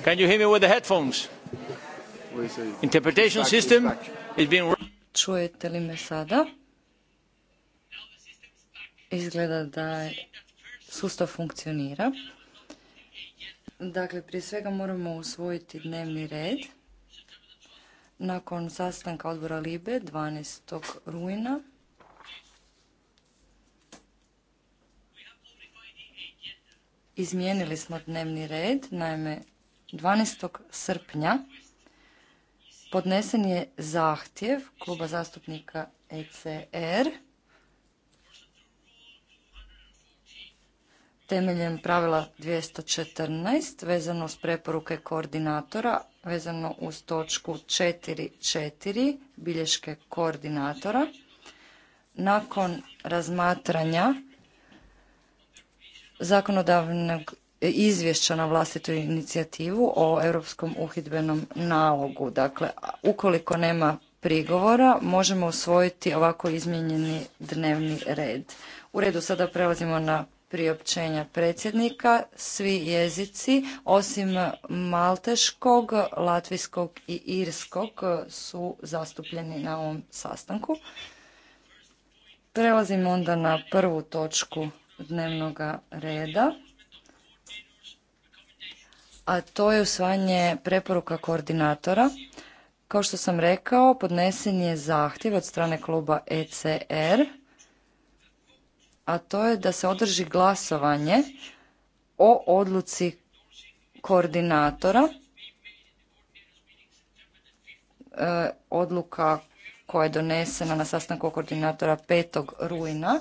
Can you hear me with the headphones? Interpretation system is being... Čujete li me sada? Izgleda da sustav funkcionira. Dakle, prije svega moramo usvojiti dnevni red. Nakon sastanka odbora Libe 12. rujna izmijenili smo dnevni red, naime 12. srpnja podnesen je zahtjev kluba zastupnika ECR temeljem pravila 214 vezano s preporuke koordinatora vezano uz točku 4.4 bilješke koordinatora. Nakon razmatranja zakonodavnog izvješća na vlastitu inicijativu o europskom uhidbenom nalogu. Dakle, ukoliko nema prigovora, možemo usvojiti ovako izmijenjeni dnevni red. U redu sada prelazimo na priopćenja predsjednika, svi jezici osim malteškog, latvijskog i irskog su zastupljeni na ovom sastanku. Prelazimo onda na prvu točku dnevnog reda a to je usvajanje preporuka koordinatora. Kao što sam rekao, podnesen je zahtjev od strane kluba ECR, a to je da se održi glasovanje o odluci koordinatora, e, odluka koja je donesena na sastanku koordinatora 5. rujna.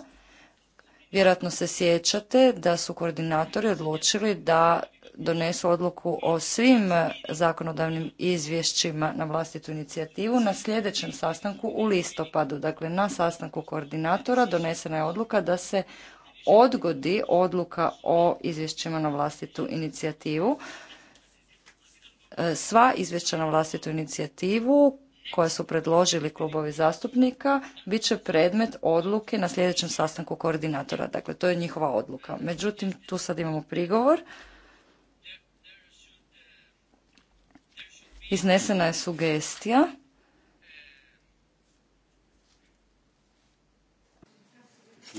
Vjerojatno se sjećate da su koordinatori odlučili da donesu odluku o svim e, zakonodavnim izvješćima na vlastitu inicijativu na sljedećem sastanku u listopadu. Dakle, na sastanku koordinatora donesena je odluka da se odgodi odluka o izvješćima na vlastitu inicijativu. E, sva izvješća na vlastitu inicijativu koja su predložili klubovi zastupnika bit će predmet odluke na sljedećem sastanku koordinatora. Dakle, to je njihova odluka. Međutim, tu sad imamo prigovor Iznesena je sugestija.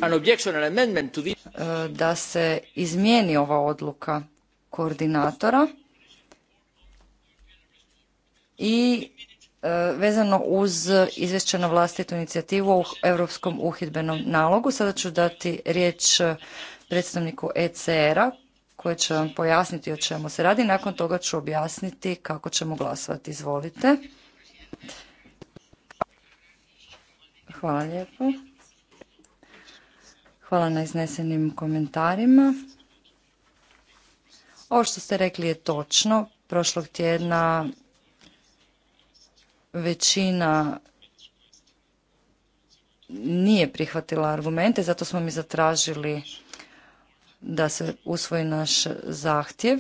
E, da se izmijeni ova odluka koordinatora i e, vezano uz izvješće na vlastitu inicijativu u Europskom uhidbenom nalogu. Sada ću dati riječ predstavniku ECR-a koje će vam pojasniti o čemu se radi. Nakon toga ću objasniti kako ćemo glasovati. Izvolite. Hvala lijepo. Hvala na iznesenim komentarima. Ovo što ste rekli je točno. Prošlog tjedna većina nije prihvatila argumente, zato smo mi zatražili da se usvoji naš zahtjev.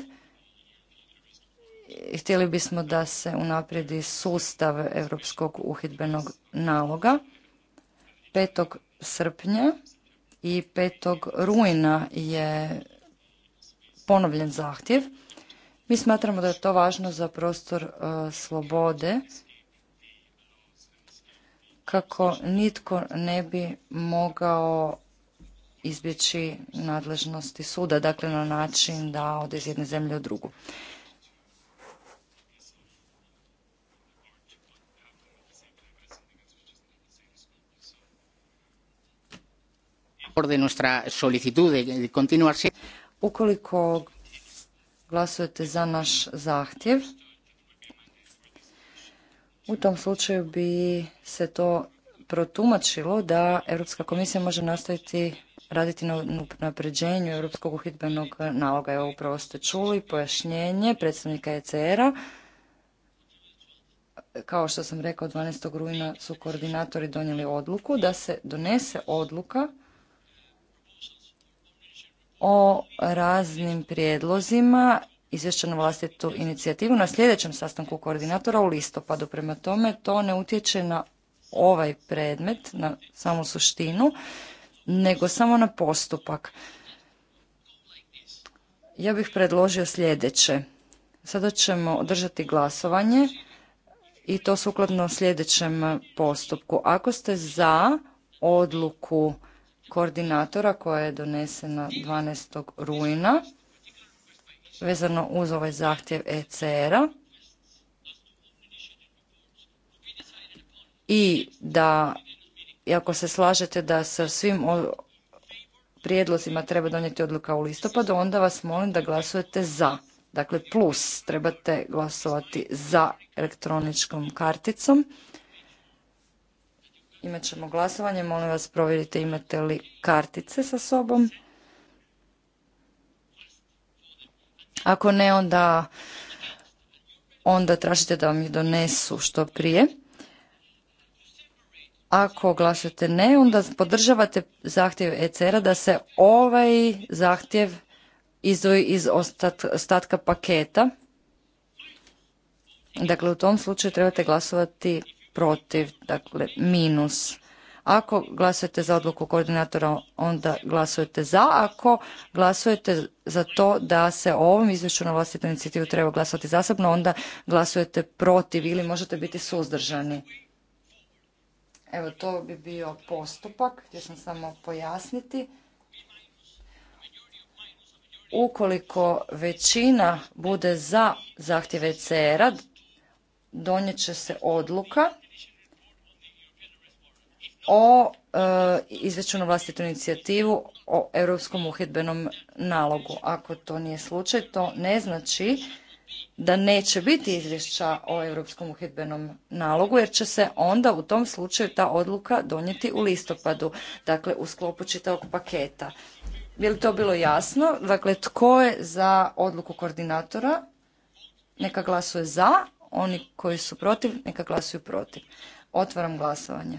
Htjeli bismo da se unaprijedi sustav Europskog uhidbenog naloga. 5. srpnja i 5. rujna je ponovljen zahtjev. Mi smatramo da je to važno za prostor e, slobode kako nitko ne bi mogao izbjeći nadležnosti suda, dakle na način da ode iz jedne zemlje u drugu. de nuestra Ukoliko glasujete za naš zahtjev, u tom slučaju bi se to protumačilo da Europska komisija može nastaviti raditi na napređenju Europskog uhidbenog naloga. Evo upravo ste čuli pojašnjenje predstavnika ECR-a. Kao što sam rekao, 12. rujna su koordinatori donijeli odluku da se donese odluka o raznim prijedlozima izvješća na vlastitu inicijativu na sljedećem sastanku koordinatora u listopadu. Prema tome, to ne utječe na ovaj predmet, na samu suštinu nego samo na postupak. Ja bih predložio sljedeće. Sada ćemo održati glasovanje i to sukladno sljedećem postupku. Ako ste za odluku koordinatora koja je donesena 12. rujna vezano uz ovaj zahtjev ECR-a i da i ako se slažete da sa svim prijedlozima treba donijeti odluka u listopadu, onda vas molim da glasujete za. Dakle, plus trebate glasovati za elektroničkom karticom. Imat ćemo glasovanje, molim vas provjerite imate li kartice sa sobom. Ako ne, onda, onda tražite da vam ih donesu što prije. Ako glasate ne, onda podržavate zahtjev ECR-a da se ovaj zahtjev izdvoji iz ostatka paketa. Dakle, u tom slučaju trebate glasovati protiv, dakle minus. Ako glasujete za odluku koordinatora, onda glasujete za. Ako glasujete za to da se o ovom izvješću na vlastitu inicijativu treba glasovati zasebno, onda glasujete protiv ili možete biti suzdržani. Evo, to bi bio postupak, gdje sam samo pojasniti. Ukoliko većina bude za zahtjeve cr a će se odluka o e, izveću vlastitu inicijativu o Europskom uhidbenom nalogu. Ako to nije slučaj, to ne znači da neće biti izvješća o Europskom uhidbenom nalogu jer će se onda u tom slučaju ta odluka donijeti u listopadu, dakle u sklopu čitavog paketa. Je li to bilo jasno? Dakle, tko je za odluku koordinatora? Neka glasuje za, oni koji su protiv, neka glasuju protiv. Otvaram glasovanje.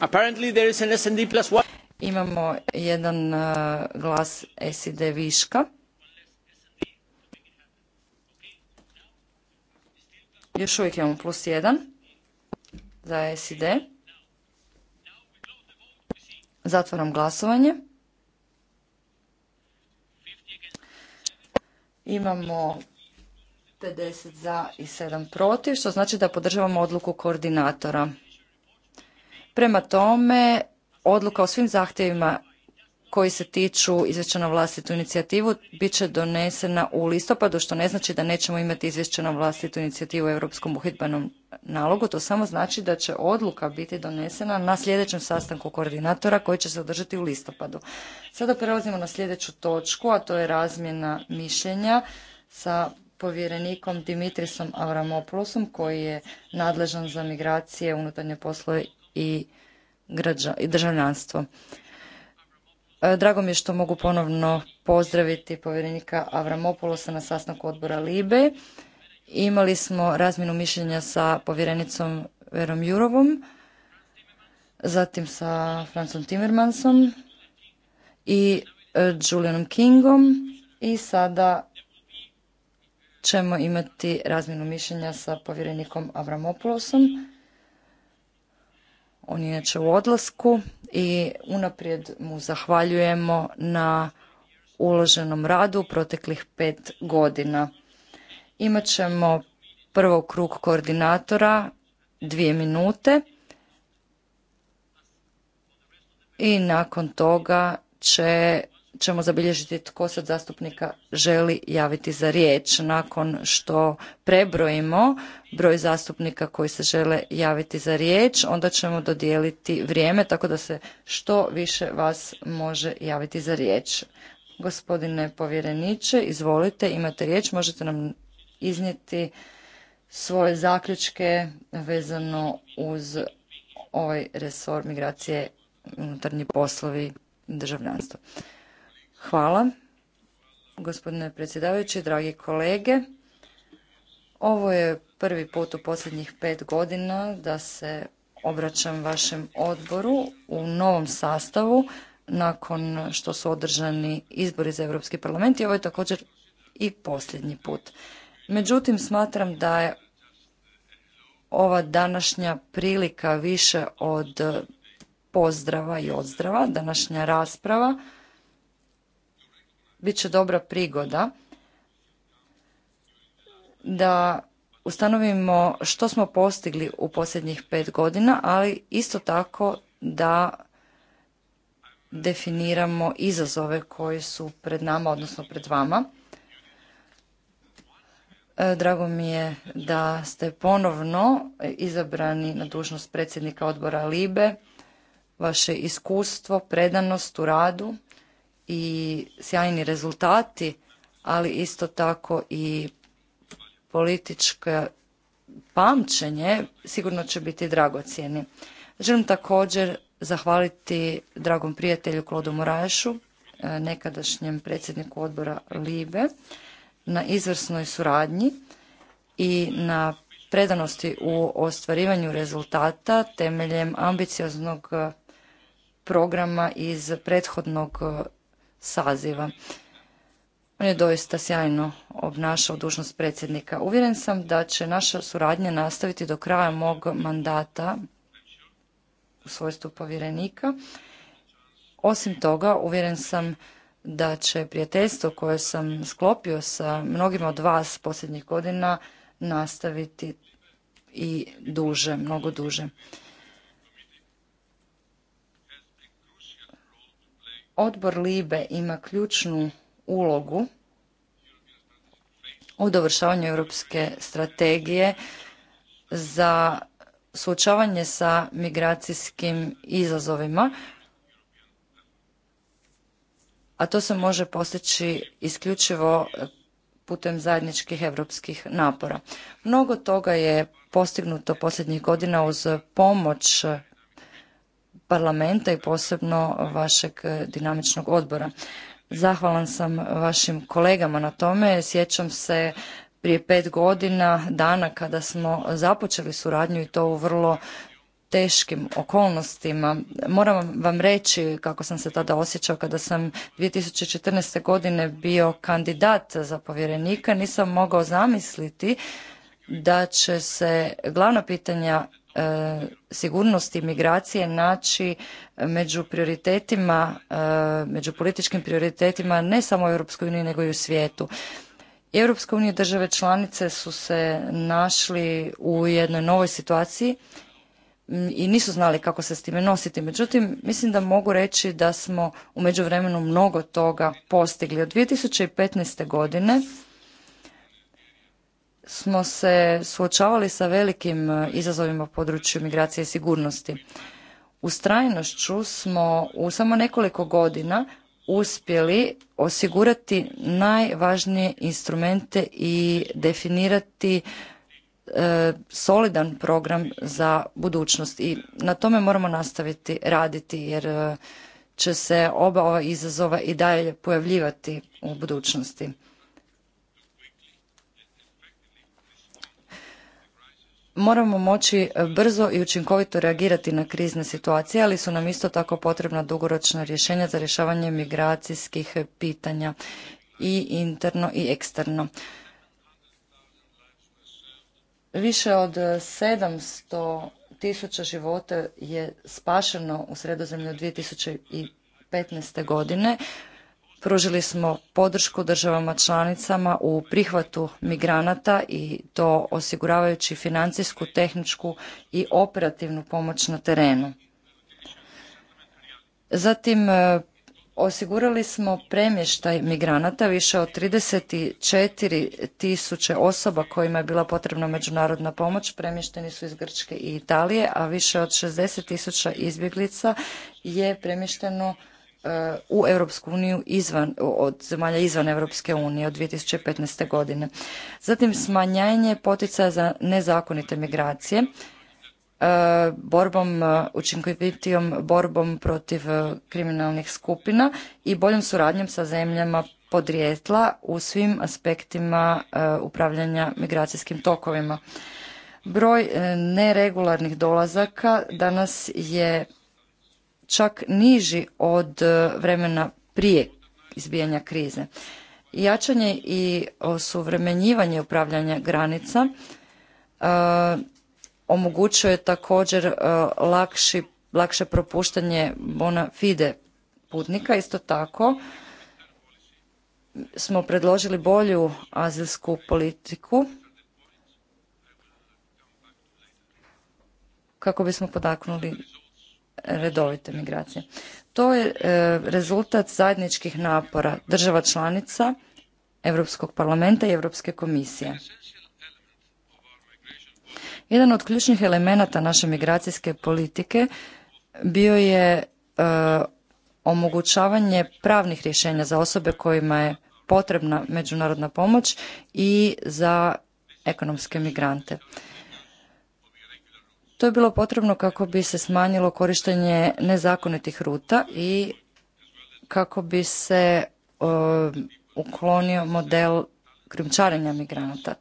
Apparently there is an plus Imamo jedan e, glas SID viška. Još uvijek imamo plus jedan za SID. Zatvaram glasovanje. Imamo 50 za i 7 protiv, što znači da podržavamo odluku koordinatora. Prema tome, odluka o svim zahtjevima koji se tiču izvješća na vlastitu inicijativu bit će donesena u listopadu, što ne znači da nećemo imati izvješće na vlastitu inicijativu u Europskom uhidbenom nalogu. To samo znači da će odluka biti donesena na sljedećem sastanku koordinatora koji će se održati u listopadu. Sada prelazimo na sljedeću točku, a to je razmjena mišljenja sa povjerenikom Dimitrisom Avramopoulosom koji je nadležan za migracije, unutarnje poslove i i državljanstvo. E, drago mi je što mogu ponovno pozdraviti povjerenika Avramopulosa na sastanku odbora Libe. Imali smo razminu mišljenja sa povjerenicom Verom Jurovom, zatim sa Francom Timmermansom i e, Julianom Kingom i sada ćemo imati razminu mišljenja sa povjerenikom Avramopulosom. On je inače u odlasku i unaprijed mu zahvaljujemo na uloženom radu u proteklih pet godina. Imaćemo prvo krug koordinatora, dvije minute i nakon toga će ćemo zabilježiti tko se od zastupnika želi javiti za riječ. Nakon što prebrojimo broj zastupnika koji se žele javiti za riječ, onda ćemo dodijeliti vrijeme tako da se što više vas može javiti za riječ. Gospodine povjereniče, izvolite, imate riječ, možete nam iznijeti svoje zaključke vezano uz ovaj resor migracije unutarnji poslovi državljanstva. Hvala, gospodine predsjedavajući, dragi kolege. Ovo je prvi put u posljednjih pet godina da se obraćam vašem odboru u novom sastavu nakon što su održani izbori za Europski parlament i ovo je također i posljednji put. Međutim, smatram da je ova današnja prilika više od pozdrava i odzdrava, današnja rasprava bit će dobra prigoda da ustanovimo što smo postigli u posljednjih pet godina, ali isto tako da definiramo izazove koji su pred nama, odnosno pred vama. E, drago mi je da ste ponovno izabrani na dužnost predsjednika odbora LIBE. Vaše iskustvo, predanost u radu i sjajni rezultati, ali isto tako i političke pamćenje sigurno će biti dragocjeni. Želim također zahvaliti dragom prijatelju Klodu Morašu, e, nekadašnjem predsjedniku odbora Libe, na izvrsnoj suradnji i na predanosti u ostvarivanju rezultata temeljem ambicioznog e, programa iz prethodnog e, saziva. On je doista sjajno obnašao dužnost predsjednika. Uvjeren sam da će naša suradnja nastaviti do kraja mog mandata u svojstvu povjerenika. Osim toga, uvjeren sam da će prijateljstvo koje sam sklopio sa mnogima od vas posljednjih godina nastaviti i duže, mnogo duže. Odbor Libe ima ključnu ulogu u dovršavanju europske strategije za suočavanje sa migracijskim izazovima, a to se može postići isključivo putem zajedničkih europskih napora. Mnogo toga je postignuto posljednjih godina uz pomoć parlamenta i posebno vašeg e, dinamičnog odbora. Zahvalan sam vašim kolegama na tome. Sjećam se prije pet godina dana kada smo započeli suradnju i to u vrlo teškim okolnostima. Moram vam reći kako sam se tada osjećao kada sam 2014. godine bio kandidat za povjerenika. Nisam mogao zamisliti da će se glavna pitanja E, sigurnosti migracije naći među prioritetima, e, među političkim prioritetima ne samo u Europskoj uniji nego i u svijetu. Europska unija države članice su se našli u jednoj novoj situaciji i nisu znali kako se s time nositi. Međutim, mislim da mogu reći da smo u međuvremenu mnogo toga postigli. Od 2015. godine smo se suočavali sa velikim e, izazovima u području migracije i sigurnosti. Ustrajnošću smo u samo nekoliko godina uspjeli osigurati najvažnije instrumente i definirati e, solidan program za budućnost i na tome moramo nastaviti raditi jer e, će se oba ova izazova i dalje pojavljivati u budućnosti. moramo moći e, brzo i učinkovito reagirati na krizne situacije, ali su nam isto tako potrebna dugoročna rješenja za rješavanje migracijskih pitanja i interno i eksterno. Više od 700 tisuća života je spašeno u sredozemlju 2015. godine Pružili smo podršku državama članicama u prihvatu migranata i to osiguravajući financijsku, tehničku i operativnu pomoć na terenu. Zatim e, osigurali smo premještaj migranata više od 34 tisuće osoba kojima je bila potrebna međunarodna pomoć premješteni su iz Grčke i Italije, a više od 60 tisuća izbjeglica je premješteno u Europsku uniju od zemalja izvan Europske unije od 2015. godine. Zatim smanjenje poticaja za nezakonite migracije, e, borbom, e, učinkovitijom borbom protiv e, kriminalnih skupina i boljom suradnjom sa zemljama podrijetla u svim aspektima upravljanja migracijskim tokovima. Broj neregularnih dolazaka danas je čak niži od e, vremena prije izbijanja krize. Jačanje i osuvremenjivanje upravljanja granica e, omogućuje također e, lakše propuštanje bona fide putnika. Isto tako smo predložili bolju azilsku politiku kako bismo podaknuli redovite migracije. To je e, rezultat zajedničkih napora država članica, Europskog parlamenta i Europske komisije. Jedan od ključnih elemenata naše migracijske politike bio je e, omogućavanje pravnih rješenja za osobe kojima je potrebna međunarodna pomoć i za ekonomske migrante. To je bilo potrebno kako bi se smanjilo korištenje nezakonitih ruta i kako bi se e, uklonio model krimčarenja migranata.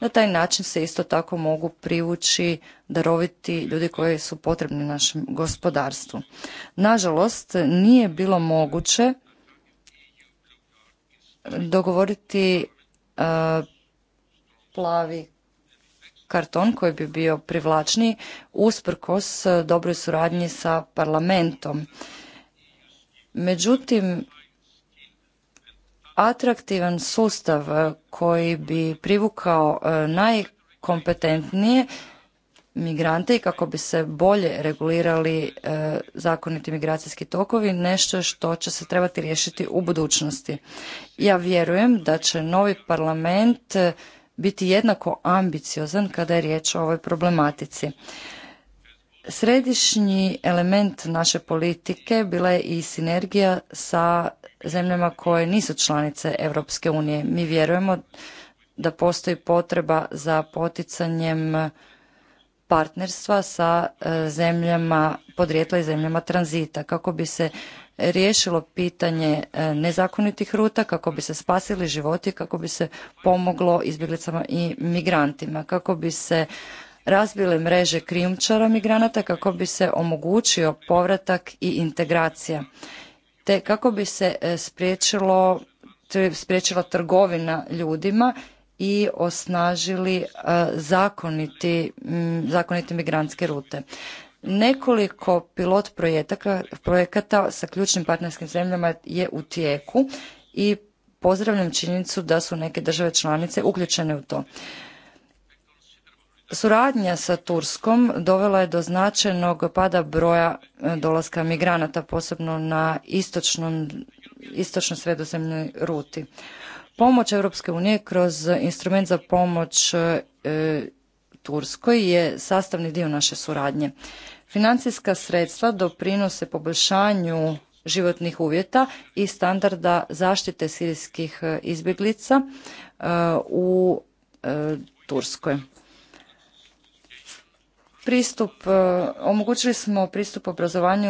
Na taj način se isto tako mogu privući daroviti ljudi koji su potrebni našem gospodarstvu. Nažalost, nije bilo moguće dogovoriti e, plavi karton koji bi bio privlačniji usprkos e, dobroj suradnji sa parlamentom. Međutim, atraktivan sustav e, koji bi privukao e, najkompetentnije migrante i kako bi se bolje regulirali zakoniti migracijski tokovi nešto što će se trebati riješiti u budućnosti. Ja vjerujem da će novi parlament biti jednako ambiciozan kada je riječ o ovoj problematici. Središnji element naše politike bila je i sinergija sa zemljama koje nisu članice Europske unije. Mi vjerujemo da postoji potreba za poticanjem partnerstva sa e, zemljama podrijetla i zemljama tranzita kako bi se riješilo pitanje e, nezakonitih ruta, kako bi se spasili životi, kako bi se pomoglo izbjeglicama i migrantima, kako bi se razbile mreže krijumčara migranata, kako bi se omogućio povratak i integracija, te kako bi se e, spriječilo spriječila trgovina ljudima i osnažili e, zakoniti, zakonite migrantske rute. Nekoliko pilot projekata sa ključnim partnerskim zemljama je u tijeku i pozdravljam činjenicu da su neke države članice uključene u to. Suradnja sa Turskom dovela je do značajnog pada broja e, dolaska migranata, posebno na istočnom, istočno sredozemnoj ruti. Pomoć Europske unije kroz instrument za pomoć e, Turskoj je sastavni dio naše suradnje. Financijska sredstva doprinose poboljšanju životnih uvjeta i standarda zaštite sirijskih e, izbjeglica e, u e, Turskoj. Pristup, omogućili smo pristup obrazovanju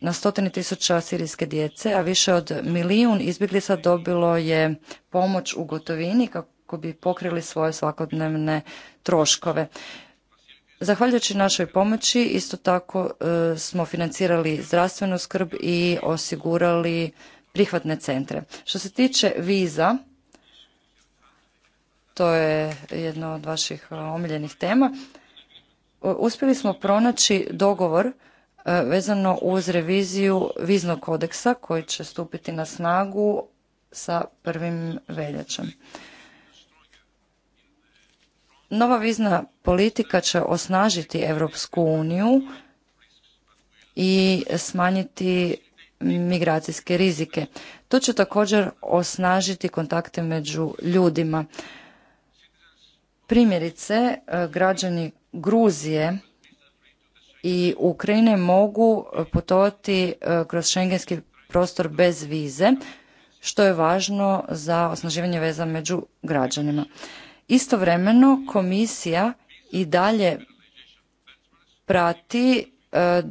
na stotine tisuća sirijske djece, a više od milijun izbjeglica dobilo je pomoć u gotovini kako bi pokrili svoje svakodnevne troškove. Zahvaljujući našoj pomoći isto tako e, smo financirali zdravstvenu skrb i osigurali prihvatne centre. Što se tiče viza, to je jedna od vaših e, omiljenih tema, uspjeli smo pronaći dogovor e, vezano uz reviziju viznog kodeksa koji će stupiti na snagu sa prvim veljačem. Nova vizna politika će osnažiti Europsku uniju i smanjiti migracijske rizike. To će također osnažiti kontakte među ljudima. Primjerice, e, građani Gruzije i Ukrajine mogu putovati e, kroz šengenski prostor bez vize, što je važno za osnaživanje veza među građanima. Istovremeno komisija i dalje prati e,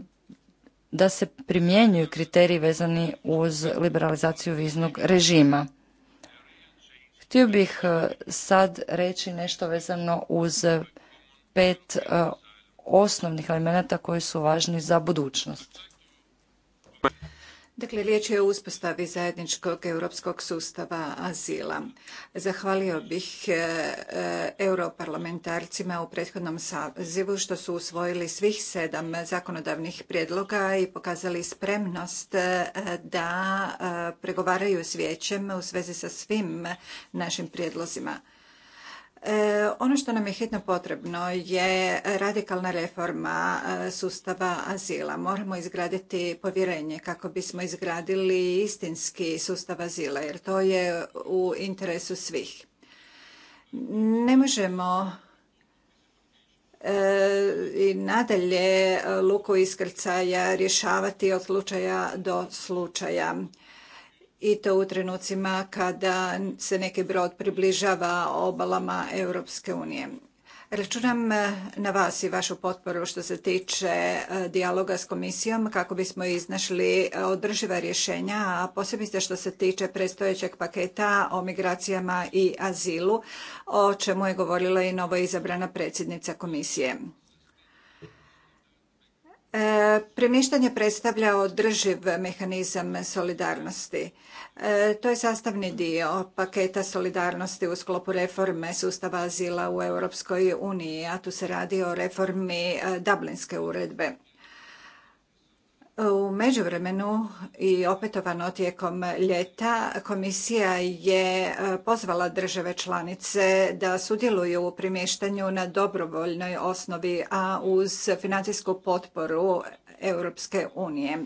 da se primjenjuju kriteriji vezani uz liberalizaciju viznog režima. Htio bih e, sad reći nešto vezano uz pet e, osnovnih elemenata koji su važni za budućnost. Dakle, riječ je o uspostavi zajedničkog europskog sustava azila. Zahvalio bih e, e, europarlamentarcima u prethodnom sazivu što su usvojili svih sedam zakonodavnih prijedloga i pokazali spremnost e, da pregovaraju s vijećem u svezi sa svim našim prijedlozima. E, ono što nam je hitno potrebno je radikalna reforma e, sustava azila. Moramo izgraditi povjerenje kako bismo izgradili istinski sustav azila jer to je u interesu svih. Ne možemo e, i nadalje luku iskrcaja rješavati od slučaja do slučaja i to u trenucima kada se neki brod približava obalama Europske unije. Računam eh, na vas i vašu potporu što se tiče eh, dijaloga s komisijom kako bismo iznašli eh, održiva rješenja, a posebno što se tiče predstojećeg paketa o migracijama i azilu, o čemu je govorila i novo izabrana predsjednica komisije. E, premještanje predstavlja održiv mehanizam solidarnosti. E, to je sastavni dio paketa solidarnosti u sklopu reforme sustava azila u Europskoj uniji, a tu se radi o reformi e, Dublinske uredbe. U međuvremenu i opetovano tijekom ljeta komisija je e, pozvala države članice da sudjeluju u primještanju na dobrovoljnoj osnovi, a uz financijsku potporu Europske unije.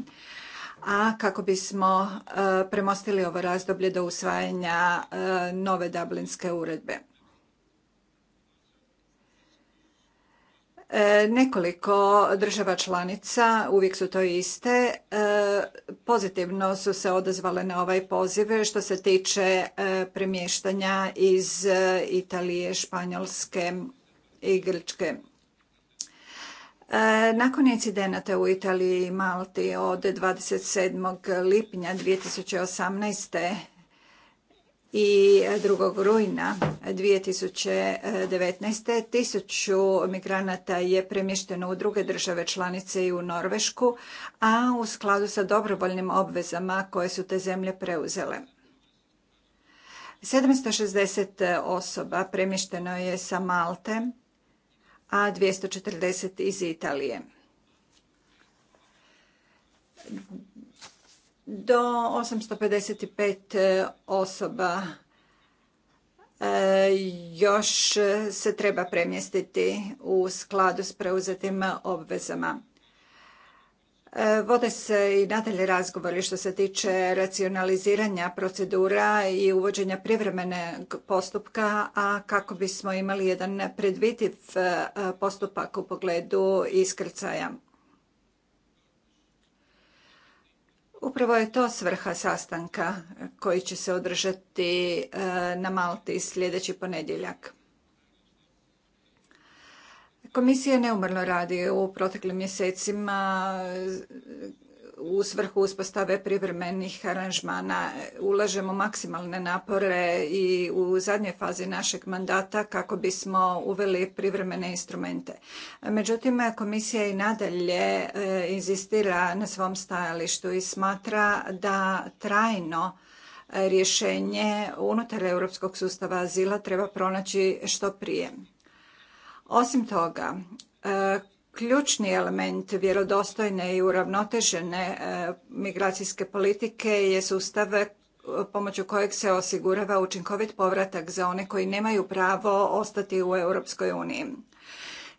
A kako bismo e, premostili ovo razdoblje do usvajanja e, nove Dublinske uredbe. E, nekoliko država članica, uvijek su to iste, e, pozitivno su se odazvale na ovaj poziv što se tiče e, premještanja iz Italije, Španjolske i Grčke. Nakon incidenata u Italiji i Malti od 27. lipnja 2018 i 2. E, rujna 2019. tisuću migranata je premješteno u druge države članice i u Norvešku, a u skladu sa dobrovoljnim obvezama koje su te zemlje preuzele. 760 osoba premješteno je sa Malte, a 240 iz Italije do 855 e, osoba e, još se treba premjestiti u skladu s preuzetim obvezama. E, vode se i nadalje razgovori što se tiče racionaliziranja procedura i uvođenja privremene postupka, a kako bismo imali jedan predvidiv postupak u pogledu iskrcaja. Upravo je to svrha sastanka koji će se održati e, na Malti sljedeći ponedjeljak. Komisija neumrno radi u proteklim mjesecima u svrhu uspostave privremenih aranžmana ulažemo maksimalne napore i u zadnjoj fazi našeg mandata kako bismo uveli privremene instrumente. Međutim, komisija i nadalje e, inzistira na svom stajalištu i smatra da trajno e, rješenje unutar europskog sustava azila treba pronaći što prije. Osim toga, e, ključni element vjerodostojne i uravnotežene e, migracijske politike je sustav e, pomoću kojeg se osigurava učinkovit povratak za one koji nemaju pravo ostati u Europskoj uniji.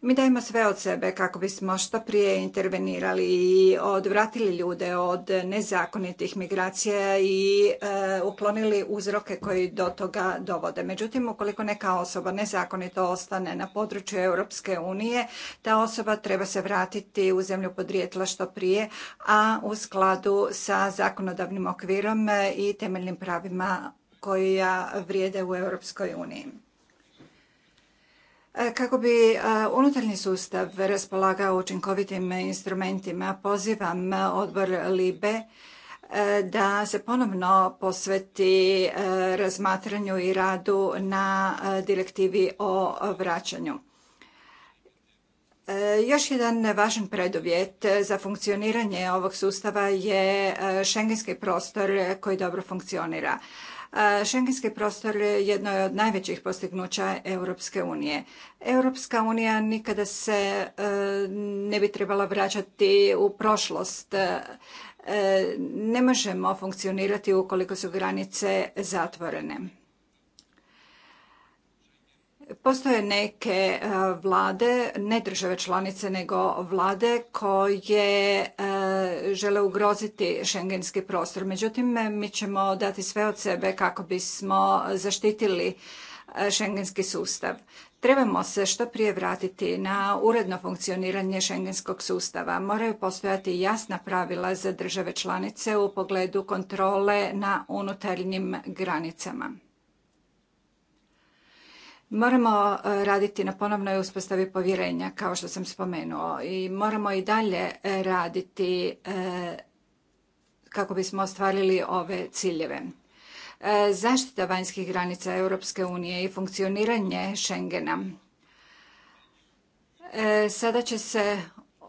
Mi dajemo sve od sebe kako bismo što prije intervenirali i odvratili ljude od nezakonitih migracija i e, uklonili uzroke koji do toga dovode. Međutim, ukoliko neka osoba nezakonito ostane na području Europske unije, ta osoba treba se vratiti u zemlju podrijetla što prije, a u skladu sa zakonodavnim okvirom i temeljnim pravima koja vrijede u Europskoj uniji. E, kako bi e, unutarnji sustav raspolagao učinkovitim instrumentima, pozivam e, odbor LIBE da se ponovno posveti razmatranju i radu na direktivi o vraćanju. Još jedan važan preduvjet za funkcioniranje ovog sustava je šengenski prostor koji dobro funkcionira. Šengenski prostor je jedno je od najvećih postignuća Europske unije. Europska unija nikada se e, ne bi trebala vraćati u prošlost. E, ne možemo funkcionirati ukoliko su granice zatvorene. Postoje neke e, vlade, ne države članice, nego vlade koje e, žele ugroziti šengenski prostor. Međutim, mi ćemo dati sve od sebe kako bismo zaštitili šengenski e, sustav. Trebamo se što prije vratiti na uredno funkcioniranje šengenskog sustava. Moraju postojati jasna pravila za države članice u pogledu kontrole na unutarnjim granicama. Moramo e, raditi na ponovnoj uspostavi povjerenja, kao što sam spomenuo, i moramo i dalje raditi e, kako bismo ostvarili ove ciljeve. E, zaštita vanjskih granica Europske unije i funkcioniranje Schengena sada će se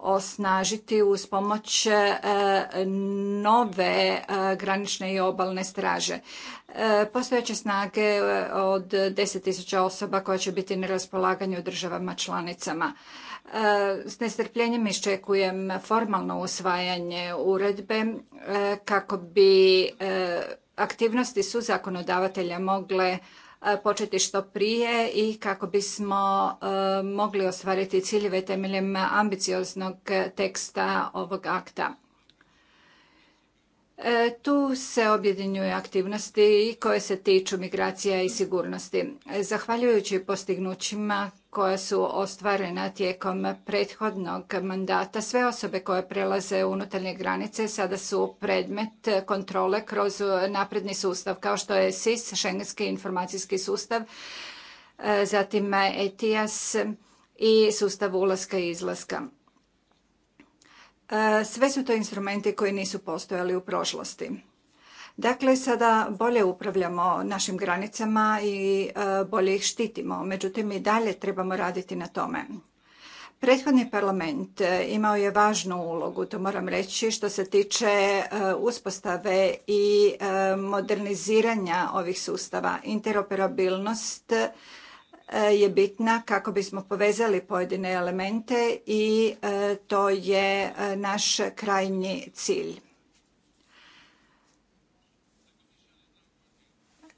osnažiti uz pomoć e, nove e, granične i obalne straže. E, postojeće snage od 10.000 osoba koja će biti na raspolaganju državama članicama. S nestrpljenjem iščekujem formalno usvajanje uredbe kako bi aktivnosti su zakonodavatelja mogle E, početi što prije i kako bismo e, mogli ostvariti ciljeve temeljem ambicioznog teksta ovog akta. E, tu se objedinjuju aktivnosti koje se tiču migracija i sigurnosti. Zahvaljujući postignućima koja su ostvarena tijekom prethodnog mandata. Sve osobe koje prelaze unutarnje granice sada su predmet kontrole kroz napredni sustav kao što je SIS, Schengenski informacijski sustav, e, zatim ETIAS i sustav ulaska i izlaska. E, sve su to instrumenti koji nisu postojali u prošlosti. Dakle, sada bolje upravljamo našim granicama i e, bolje ih štitimo. Međutim, i dalje trebamo raditi na tome. Prethodni parlament e, imao je važnu ulogu, to moram reći, što se tiče e, uspostave i moderniziranja ovih sustava. Interoperabilnost je bitna kako bismo povezali pojedine elemente i to je naš krajnji cilj.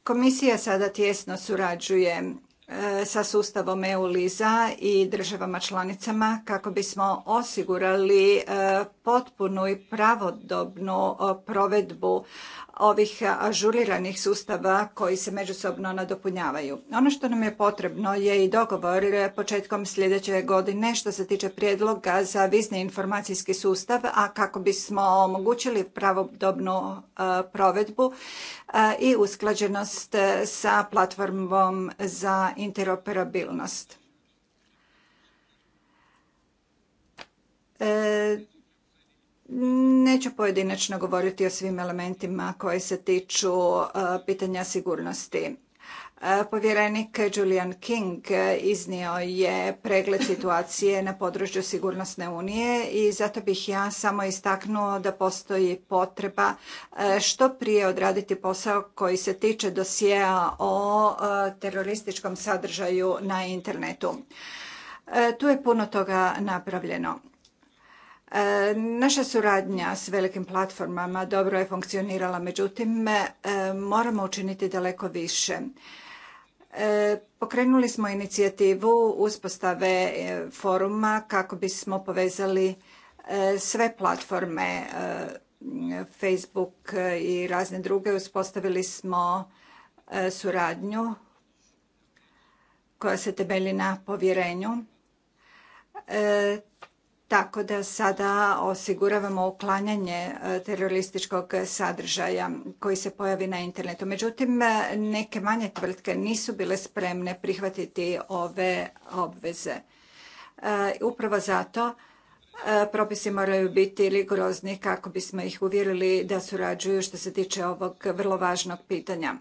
Komisija sada tjesno surađuje e, sa sustavom EU-LISA i državama članicama kako bismo osigurali e, potpunu i pravodobnu provedbu ovih ažuriranih sustava koji se međusobno nadopunjavaju. Ono što nam je potrebno je i dogovor e, početkom sljedeće godine što se tiče prijedloga za vizni informacijski sustav, a kako bismo omogućili pravodobnu e, provedbu e, i usklađenost sa platformom za interoperabilnost. Neću pojedinačno govoriti o svim elementima koji se tiču e, pitanja sigurnosti. E, povjerenik Julian King iznio je pregled situacije na području sigurnosne unije i zato bih ja samo istaknuo da postoji potreba e, što prije odraditi posao koji se tiče dosjea o terorističkom sadržaju na internetu. Tu je puno toga napravljeno. E, naša suradnja s velikim platformama dobro je funkcionirala, međutim e, moramo učiniti daleko više. E, pokrenuli smo inicijativu uspostave foruma kako bismo povezali sve platforme, Facebook i razne druge. Uspostavili smo suradnju koja se temelji na povjerenju tako da sada osiguravamo uklanjanje e, terorističkog sadržaja koji se pojavi na internetu. Međutim, e, neke manje tvrtke nisu bile spremne prihvatiti ove obveze. E, upravo zato propisi moraju biti rigorozni kako bismo ih uvjerili da surađuju što se tiče ovog vrlo važnog pitanja.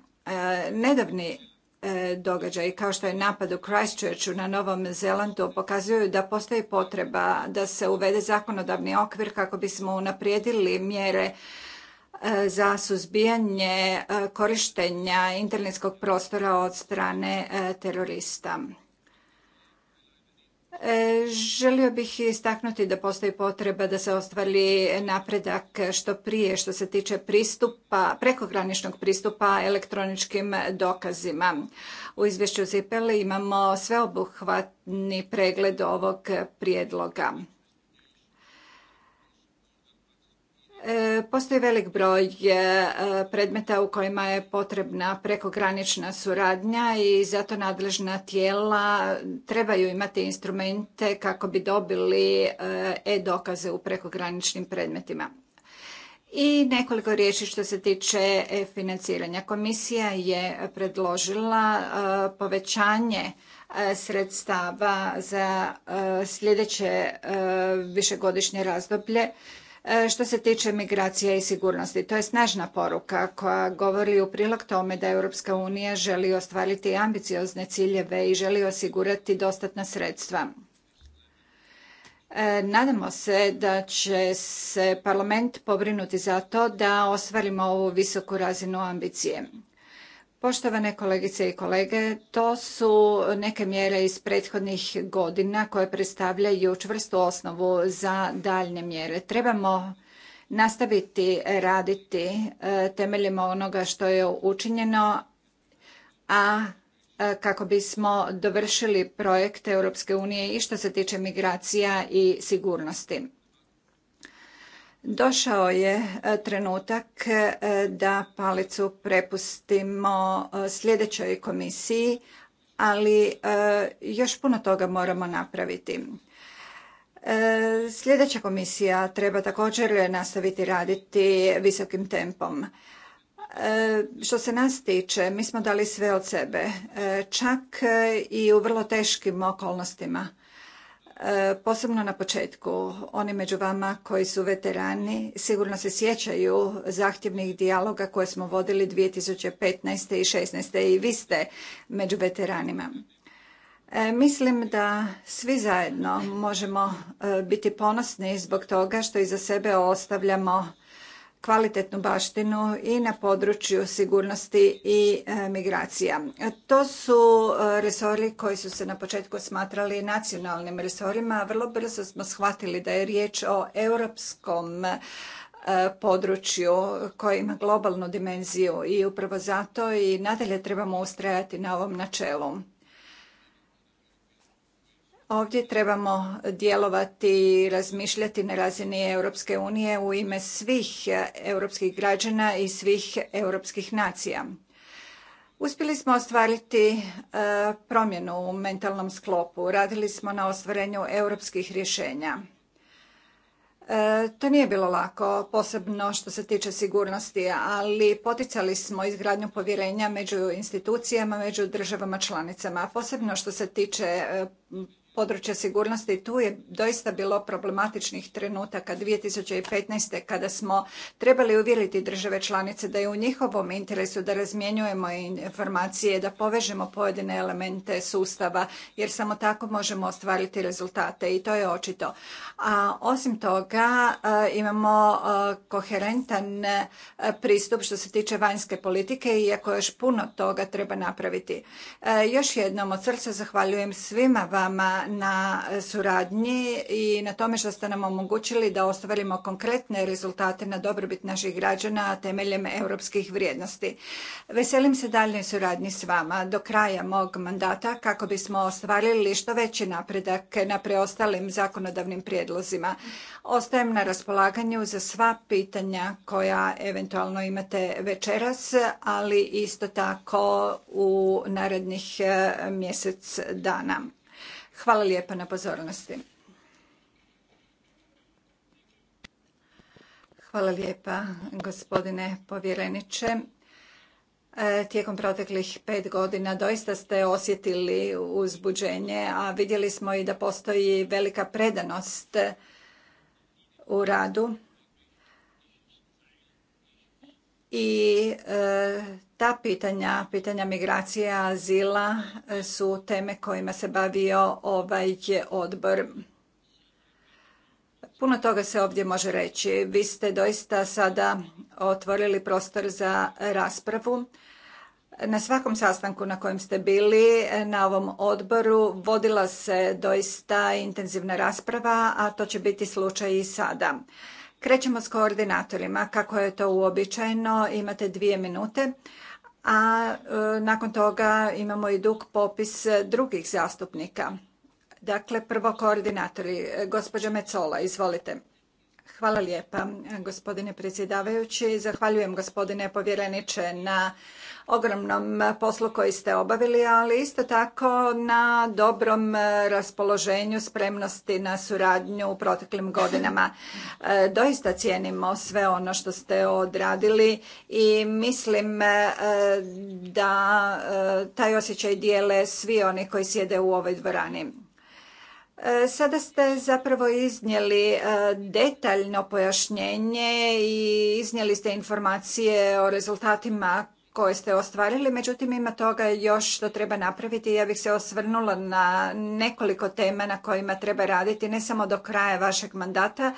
Nedavni E, događaji kao što je napad u Christchurchu na Novom Zelandu pokazuju da postoji potreba da se uvede zakonodavni okvir kako bismo unaprijedili mjere e, za suzbijanje e, korištenja internetskog prostora od strane terorista. E, želio bih istaknuti da postoji potreba da se ostvari napredak što prije što se tiče pristupa, prekograničnog pristupa elektroničkim dokazima. U izvješću Zipel imamo sveobuhvatni pregled ovog prijedloga. E, postoji velik broj e, predmeta u kojima je potrebna prekogranična suradnja i zato nadležna tijela trebaju imati instrumente kako bi dobili e, e-dokaze u prekograničnim predmetima. I nekoliko riječi što se tiče financiranja. Komisija je predložila povećanje sredstava za sljedeće višegodišnje razdoblje E, što se tiče migracija i sigurnosti. To je snažna poruka koja govori u prilog tome da Europska unija želi ostvariti ambiciozne ciljeve i želi osigurati dostatna sredstva. E, nadamo se da će se parlament pobrinuti za to da ostvarimo ovu visoku razinu ambicije. Poštovane kolegice i kolege, to su neke mjere iz prethodnih godina koje predstavljaju čvrstu osnovu za daljne mjere. Trebamo nastaviti raditi e, temeljem onoga što je učinjeno, a e, kako bismo dovršili projekte Europske unije i što se tiče migracija i sigurnosti. Došao je e, trenutak e, da palicu prepustimo e, sljedećoj komisiji, ali još puno toga moramo napraviti. Sljedeća komisija treba također nastaviti raditi visokim tempom. Što se nas tiče, mi smo dali sve od sebe, čak i u vrlo teškim okolnostima E, posebno na početku, oni među vama koji su veterani sigurno se sjećaju zahtjevnih dijaloga koje smo vodili 2015. i 2016. i vi ste među veteranima. E, mislim da svi zajedno možemo e, biti ponosni zbog toga što iza sebe ostavljamo kvalitetnu baštinu i na području sigurnosti i e, migracija. To su e, resori koji su se na početku smatrali nacionalnim resorima, vrlo brzo smo shvatili da je riječ o europskom e, području koje ima globalnu dimenziju i upravo zato i nadalje trebamo ustrajati na ovom načelu. Ovdje trebamo djelovati i razmišljati na razini Europske unije u ime svih europskih građana i svih europskih nacija. Uspjeli smo ostvariti e, promjenu u mentalnom sklopu. Radili smo na ostvarenju europskih rješenja. E, to nije bilo lako, posebno što se tiče sigurnosti, ali poticali smo izgradnju povjerenja među institucijama, među državama članicama, posebno što se tiče e, područja sigurnosti tu je doista bilo problematičnih trenutaka 2015. kada smo trebali uvjeriti države članice da je u njihovom interesu da razmjenjujemo informacije, da povežemo pojedine elemente sustava jer samo tako možemo ostvariti rezultate i to je očito. A osim toga e, imamo e, koherentan e, pristup što se tiče vanjske politike iako još puno toga treba napraviti. Još jednom od srca zahvaljujem svima vama na suradnji i na tome što ste nam omogućili da ostvarimo konkretne rezultate na dobrobit naših građana temeljem europskih vrijednosti. Veselim se daljnoj suradnji s vama do kraja mog mandata kako bismo ostvarili što veći napredak na preostalim zakonodavnim prijedlozima. Ostajem na raspolaganju za sva pitanja koja eventualno imate večeras, ali isto tako u narednih eh, mjesec dana. Hvala lijepa na pozornosti. Hvala lijepa gospodine povjereniče. E, tijekom proteklih pet godina doista ste osjetili uzbuđenje, a vidjeli smo i da postoji velika predanost u radu i e, ta pitanja, pitanja migracije, azila e, su teme kojima se bavio ovaj odbor. Puno toga se ovdje može reći. Vi ste doista sada otvorili prostor za raspravu. Na svakom sastanku na kojem ste bili e, na ovom odboru vodila se doista intenzivna rasprava, a to će biti slučaj i sada. Krećemo s koordinatorima. Kako je to uobičajeno, imate dvije minute, a e, nakon toga imamo i dug popis drugih zastupnika. Dakle, prvo koordinatori. Gospođa Mecola, izvolite. Hvala lijepa, gospodine predsjedavajući. Zahvaljujem, gospodine povjereniče, na ogromnom poslu koji ste obavili, ali isto tako na dobrom raspoloženju, spremnosti na suradnju u proteklim godinama. E, doista cijenimo sve ono što ste odradili i mislim e, da e, taj osjećaj dijele svi oni koji sjede u ovoj dvorani. E, sada ste zapravo iznijeli e, detaljno pojašnjenje i iznijeli ste informacije o rezultatima koje ste ostvarili, međutim ima toga još što treba napraviti. Ja bih se osvrnula na nekoliko tema na kojima treba raditi, ne samo do kraja vašeg mandata, e,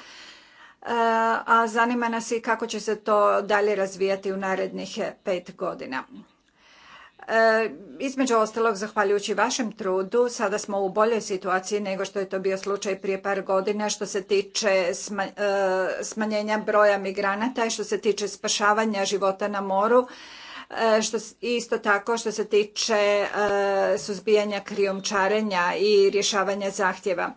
a zanima nas i kako će se to dalje razvijati u narednih pet godina. E, između ostalog, zahvaljujući vašem trudu, sada smo u boljoj situaciji nego što je to bio slučaj prije par godina što se tiče e, smanjenja broja migranata i što se tiče spašavanja života na moru E, što, isto tako što se tiče e, suzbijanja krijumčarenja i rješavanja zahtjeva.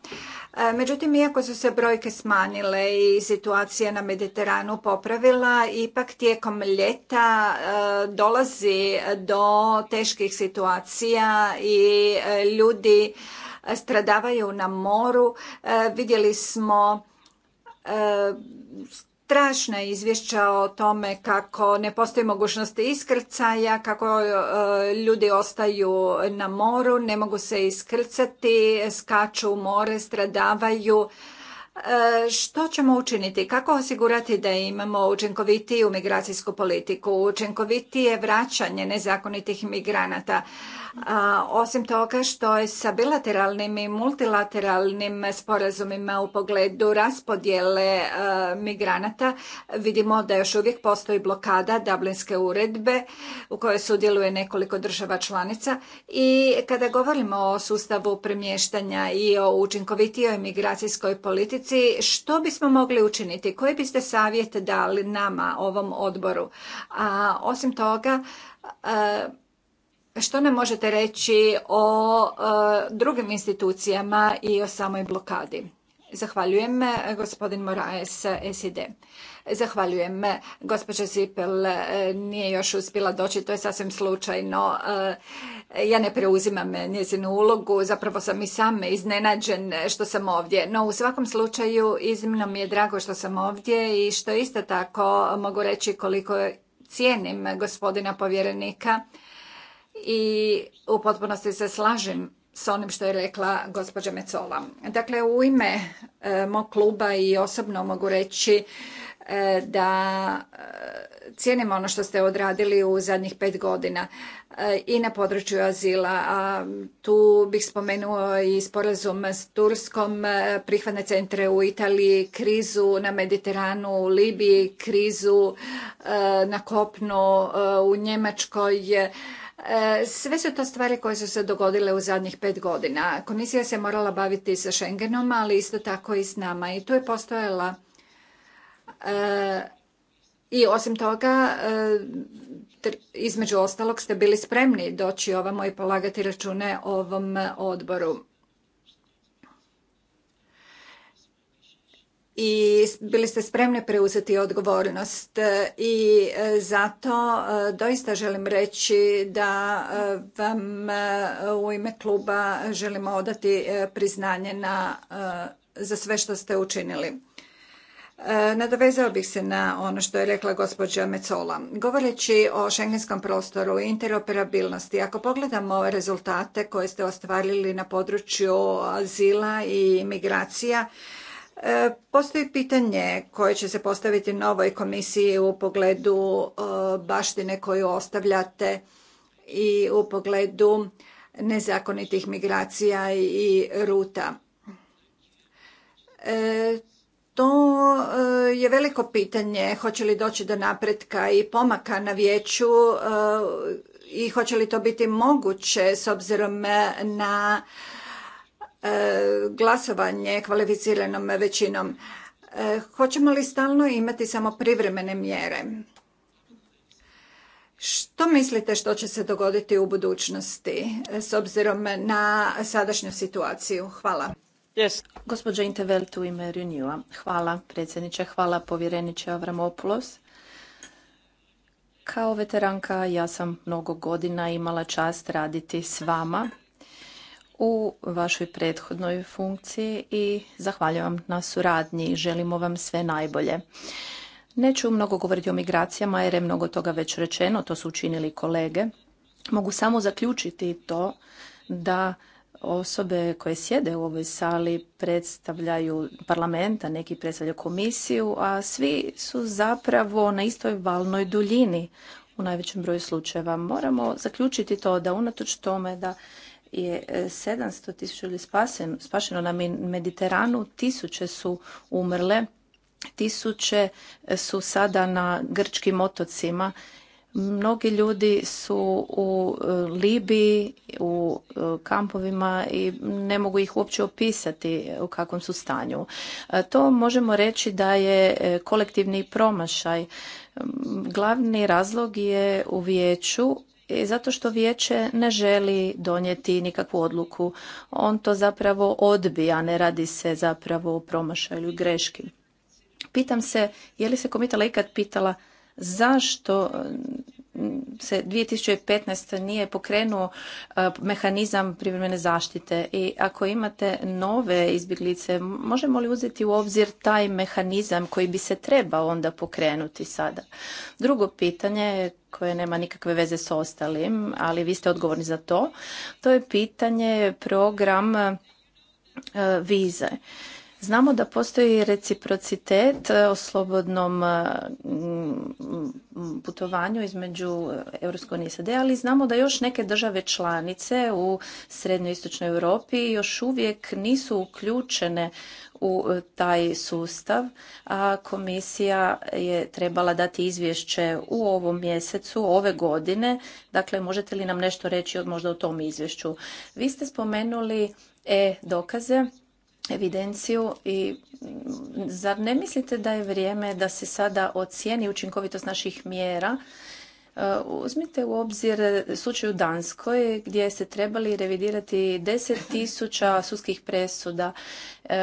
E, međutim, iako su se brojke smanjile i situacija na Mediteranu popravila, ipak tijekom ljeta dolazi do teških situacija i ljudi stradavaju na moru. Vidjeli smo strašna izvješća o tome kako ne postoji mogućnost iskrcaja, kako e, ljudi ostaju na moru, ne mogu se iskrcati, skaču u more, stradavaju. E, što ćemo učiniti? Kako osigurati da imamo učinkovitiju migracijsku politiku, učinkovitije vraćanje nezakonitih migranata? osim toga što je sa bilateralnim i multilateralnim sporazumima u pogledu raspodjele e, migranata vidimo da još uvijek postoji blokada Dublinske uredbe u kojoj sudjeluje nekoliko država članica i kada govorimo o sustavu premještanja i o učinkovitijoj migracijskoj politici što bismo mogli učiniti? Koji biste savjet dali nama, ovom odboru? A osim toga e, što nam možete reći o e, drugim institucijama i o samoj blokadi? Zahvaljujem, e, gospodin Moraes, SID. Zahvaljujem, e, gospođa Zipel nije još uspjela doći, to je sasvim slučajno. Ja ne preuzimam njezinu ulogu, zapravo sam i sam iznenađen što sam ovdje. No u svakom slučaju iznimno mi je drago što sam ovdje i što isto tako mogu reći koliko cijenim gospodina povjerenika i u potpunosti se slažem s onim što je rekla gospođa Mecola. Dakle, u ime e, mog kluba i osobno mogu reći e, da e, cijenim ono što ste odradili u zadnjih pet godina i na području azila. A tu bih spomenuo i sporazum s Turskom, prihvatne centre u Italiji, krizu na Mediteranu, u Libiji, krizu na kopnu u Njemačkoj E, sve su to stvari koje su se dogodile u zadnjih pet godina. Komisija se morala baviti sa Schengenom, ali isto tako i s nama. I tu je postojala e, i osim toga, e, između ostalog ste bili spremni doći ovamo i polagati račune ovom odboru. i bili ste spremni preuzeti odgovornost e, i e, zato e, doista želim reći da vam u ime kluba želimo odati priznanje na, za sve što ste učinili. Nadovezao bih se na ono što je rekla gospođa Mecola. Govoreći o šengenskom prostoru i interoperabilnosti, ako pogledamo rezultate koje ste ostvarili na području azila i migracija, E, postoji pitanje koje će se postaviti novoj komisiji u pogledu e, baštine koju ostavljate i u pogledu nezakonitih migracija i ruta. E, to je veliko pitanje hoće li doći do napretka i pomaka na vijeću i hoće li to biti moguće s obzirom na E, glasovanje kvalificiranom većinom. E, hoćemo li stalno imati samo privremene mjere? Što mislite što će se dogoditi u budućnosti e, s obzirom na sadašnju situaciju? Hvala. Yes. Gospođa u ime Renewa. Hvala predsjedniče, hvala povjereniče Avramopoulos. Kao veteranka ja sam mnogo godina imala čast raditi s vama u vašoj prethodnoj funkciji i zahvaljujem vam na suradnji i želimo vam sve najbolje. Neću mnogo govoriti o migracijama jer je mnogo toga već rečeno, to su učinili kolege. Mogu samo zaključiti to da osobe koje sjede u ovoj sali predstavljaju parlamenta, neki predstavljaju komisiju, a svi su zapravo na istoj valnoj duljini u najvećem broju slučajeva. Moramo zaključiti to da unatoč tome da je 700 e, tisuća ljudi spašeno na Mediteranu, tisuće su umrle, tisuće e, su sada na grčkim otocima. Mnogi ljudi su u e, Libiji, u kampovima i ne mogu ih uopće opisati u kakvom su stanju. To možemo reći da je kolektivni promašaj. Glavni razlog je u vijeću E, zato što vijeće ne želi donijeti nikakvu odluku. On to zapravo odbija, ne radi se zapravo o promašaju greški. Pitam se, je li se komitala ikad pitala zašto se 2015. nije pokrenuo e, mehanizam privremene zaštite i ako imate nove izbjeglice, možemo li uzeti u obzir taj mehanizam koji bi se trebao onda pokrenuti sada? Drugo pitanje koje nema nikakve veze s ostalim, ali vi ste odgovorni za to, to je pitanje program e, vize. Znamo da postoji reciprocitet e, o slobodnom e, putovanju između EU i ali znamo da još neke države članice u srednjoistočnoj Europi još uvijek nisu uključene u e, taj sustav. A komisija je trebala dati izvješće u ovom mjesecu, ove godine. Dakle, možete li nam nešto reći možda o tom izvješću? Vi ste spomenuli e-dokaze evidenciju i zar ne mislite da je vrijeme da se sada ocijeni učinkovitost naših mjera? E, uzmite u obzir slučaj u Danskoj gdje ste trebali revidirati tisuća sudskih presuda. E,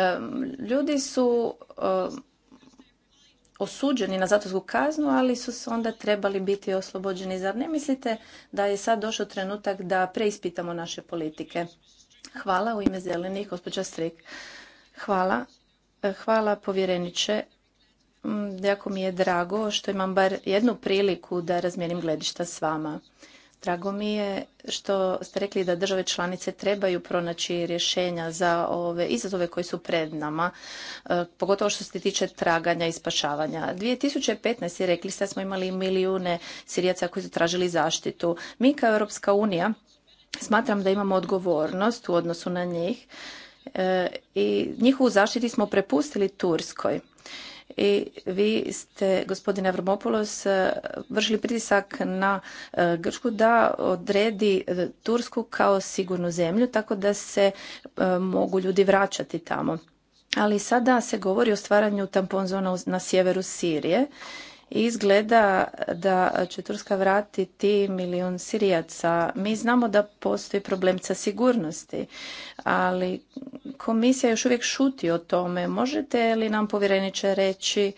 ljudi su e, osuđeni na zatvorsku kaznu, ali su se onda trebali biti oslobođeni. Zar ne mislite da je sad došao trenutak da preispitamo naše politike? Hvala u ime zelenih, gospođa Strik. Hvala. E, hvala povjereniče. Mm, jako mi je drago što imam bar jednu priliku da razmijenim gledišta s vama. Drago mi je što ste rekli da države članice trebaju pronaći rješenja za ove izazove koji su pred nama, e, pogotovo što se tiče traganja i spašavanja. 2015. rekli ste smo imali milijune Sirijaca koji su tražili zaštitu. Mi kao Europska unija smatram da imamo odgovornost u odnosu na njih E, i njihovu zaštitu smo prepustili Turskoj. I vi ste, gospodine Avramopoulos, e, vršili pritisak na e, Grčku da odredi Tursku kao sigurnu zemlju, tako da se mogu ljudi vraćati tamo. Ali sada se govori o stvaranju tampon na sjeveru Sirije izgleda da će Turska vratiti milijun Sirijaca. Mi znamo da postoji problem sa sigurnosti, ali komisija još uvijek šuti o tome. Možete li nam povjereniče reći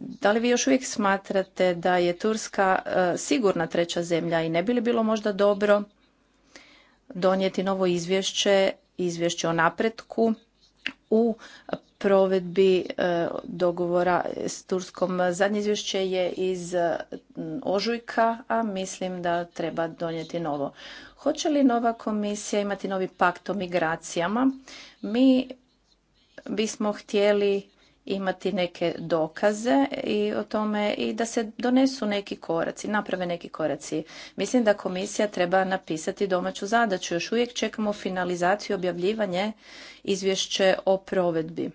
da li vi još uvijek smatrate da je Turska e, sigurna treća zemlja i ne bi li bilo možda dobro donijeti novo izvješće, izvješće o napretku u provedbi e, dogovora s Turskom. Zadnje izvješće je iz ožujka, a mislim da treba donijeti novo. Hoće li nova komisija imati novi pakt o migracijama? Mi bismo htjeli imati neke dokaze i o tome i da se donesu neki koraci, naprave neki koraci. Mislim da komisija treba napisati domaću zadaću. Još uvijek čekamo finalizaciju objavljivanje izvješće o provedbi.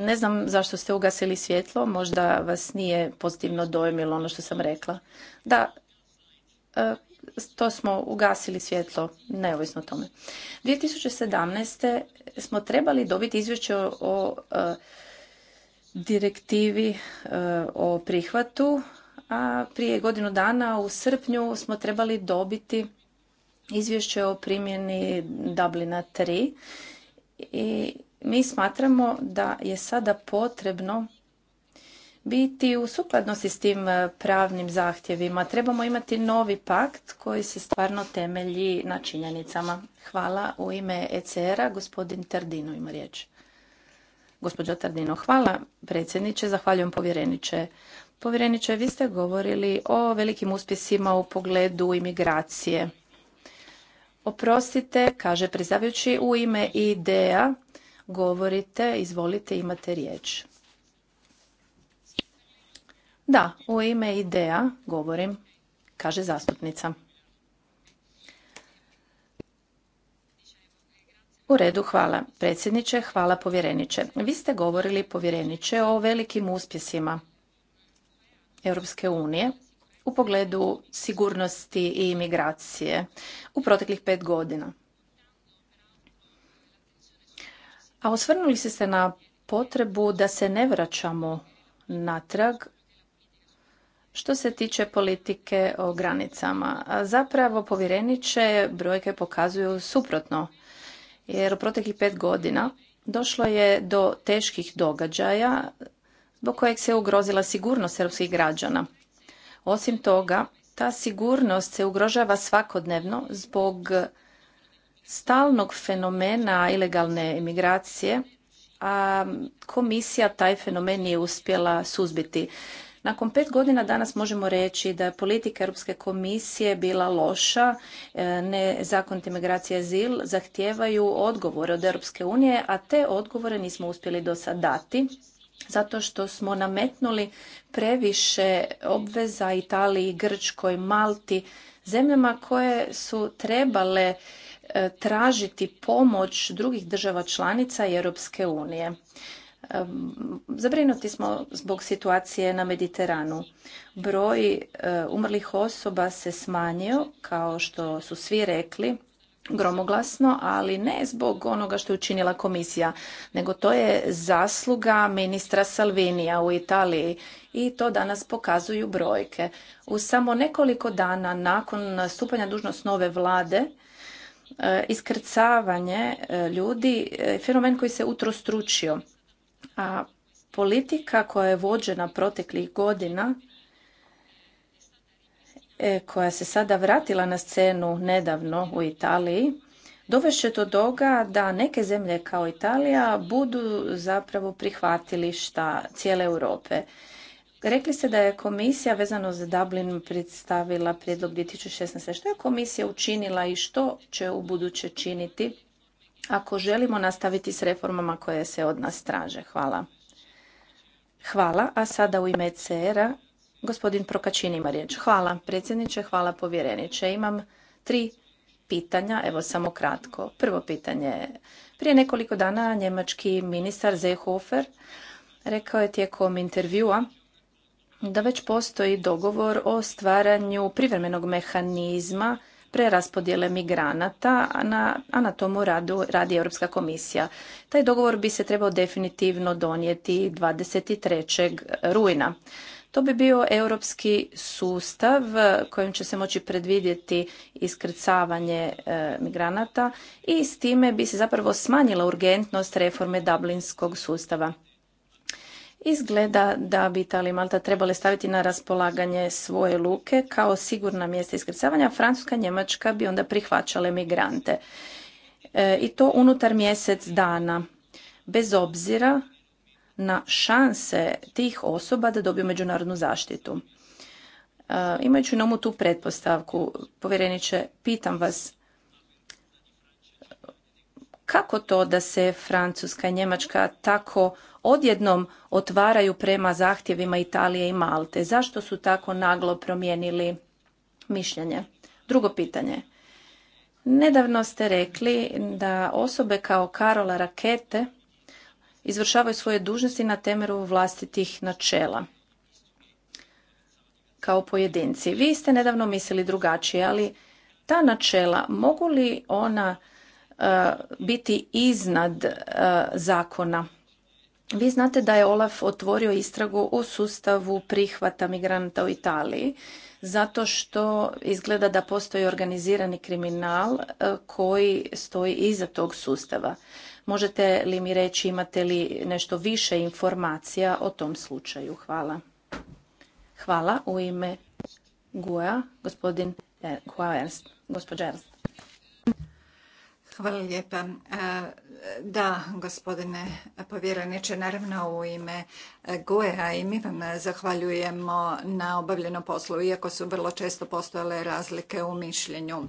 Ne znam zašto ste ugasili svjetlo, možda vas nije pozitivno dojmilo ono što sam rekla. Da, e, to smo ugasili svjetlo, neovisno tome. 2017. smo trebali dobiti izvješće o e, direktivi e, o prihvatu, a prije godinu dana u srpnju smo trebali dobiti izvješće o primjeni Dublina 3 i mi smatramo da je sada potrebno biti u sukladnosti s tim e, pravnim zahtjevima. Trebamo imati novi pakt koji se stvarno temelji na činjenicama. Hvala u ime ECR-a, gospodin Tardino ima riječ. Gospođo Tardino, hvala predsjedniče, zahvaljujem povjereniče. Povjereniče, vi ste govorili o velikim uspjesima u pogledu imigracije. Oprostite, kaže predstavljajući u ime IDEA govorite, izvolite, imate riječ. Da, u ime ideja govorim, kaže zastupnica. U redu, hvala predsjedniče, hvala povjereniče. Vi ste govorili povjereniče o velikim uspjesima Europske unije u pogledu sigurnosti i imigracije u proteklih pet godina. A osvrnuli ste se na potrebu da se ne vraćamo natrag što se tiče politike o granicama. zapravo povjereniče brojke pokazuju suprotno jer u proteklih pet godina došlo je do teških događaja zbog kojeg se ugrozila sigurnost srpskih građana. Osim toga, ta sigurnost se ugrožava svakodnevno zbog stalnog fenomena ilegalne imigracije, a komisija taj fenomen nije uspjela suzbiti. Nakon pet godina danas možemo reći da je politika Europske komisije bila loša, e, zakon migracija i azil zahtijevaju odgovore od Europske unije, a te odgovore nismo uspjeli do sad dati zato što smo nametnuli previše obveza Italiji, Grčkoj, Malti, zemljama koje su trebale E, tražiti pomoć drugih država članica i Europske unije. E, zabrinuti smo zbog situacije na Mediteranu. Broj e, umrlih osoba se smanjio, kao što su svi rekli, gromoglasno, ali ne zbog onoga što je učinila komisija, nego to je zasluga ministra Salvinija u Italiji i to danas pokazuju brojke. U samo nekoliko dana nakon stupanja dužnost nove vlade, E, iskrcavanje e, ljudi e, fenomen koji se utrostručio. A politika koja je vođena proteklih godina koja se sada vratila na scenu nedavno u Italiji, dovešće do toga da neke zemlje kao Italija budu zapravo prihvatilišta cijele Europe. Rekli ste da je komisija vezano za Dublin predstavila prijedlog 2016. Što je komisija učinila i što će u buduće činiti ako želimo nastaviti s reformama koje se od nas traže? Hvala. Hvala, a sada u ime cr a gospodin Prokačin ima riječ. Hvala predsjedniče, hvala povjereniče. Imam tri pitanja, evo samo kratko. Prvo pitanje, prije nekoliko dana njemački ministar Zehofer rekao je tijekom intervjua da već postoji dogovor o stvaranju privremenog mehanizma preraspodjele migranata, a na, tomu radu, radi Europska komisija. Taj dogovor bi se trebao definitivno donijeti 23. rujna. To bi bio europski sustav kojim će se moći predvidjeti iskrcavanje e, migranata i s time bi se zapravo smanjila urgentnost reforme dublinskog sustava. Izgleda da bi Italija Malta trebale staviti na raspolaganje svoje luke kao sigurna mjesta iskrcavanja, Francuska, Njemačka bi onda prihvaćale migrante. E, I to unutar mjesec dana, bez obzira na šanse tih osoba da dobiju međunarodnu zaštitu. E, imajući na umu tu pretpostavku, povjereniče, pitam vas, kako to da se Francuska i Njemačka tako odjednom otvaraju prema zahtjevima Italije i Malte? Zašto su tako naglo promijenili mišljenje? Drugo pitanje. Nedavno ste rekli da osobe kao Karola Rakete izvršavaju svoje dužnosti na temelju vlastitih načela kao pojedinci. Vi ste nedavno mislili drugačije, ali ta načela, mogu li ona e, biti iznad e, zakona? Vi znate da je Olaf otvorio istragu o sustavu prihvata migranta u Italiji zato što izgleda da postoji organizirani kriminal e, koji stoji iza tog sustava. Možete li mi reći imate li nešto više informacija o tom slučaju? Hvala. Hvala u ime Gua, gospodin e, gospođa Ernst. Hvala lijepa. E, da, gospodine povjereniče, naravno u ime gue i mi vam zahvaljujemo na obavljenom poslu, iako su vrlo često postojale razlike u mišljenju.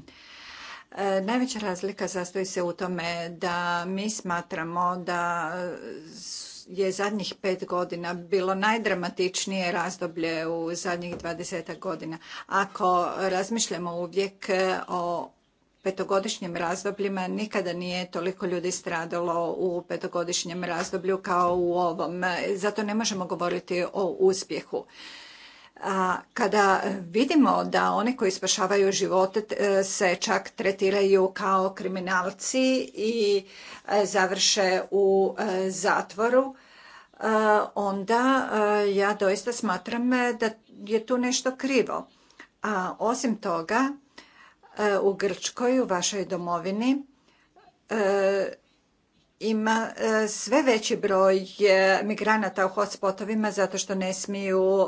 E, najveća razlika zastoji se u tome da mi smatramo da je zadnjih pet godina bilo najdramatičnije razdoblje u zadnjih dvadesetak godina. Ako razmišljamo uvijek o petogodišnjim razdobljima nikada nije toliko ljudi stradalo u petogodišnjem razdoblju kao u ovom. Zato ne možemo govoriti o uspjehu. A kada vidimo da oni koji spašavaju živote se čak tretiraju kao kriminalci i e, završe u e, zatvoru, e, onda ja doista smatram da je tu nešto krivo. A osim toga, E, u Grčkoj, u vašoj domovini, e, ima e, sve veći broj migranata u hotspotovima zato što ne smiju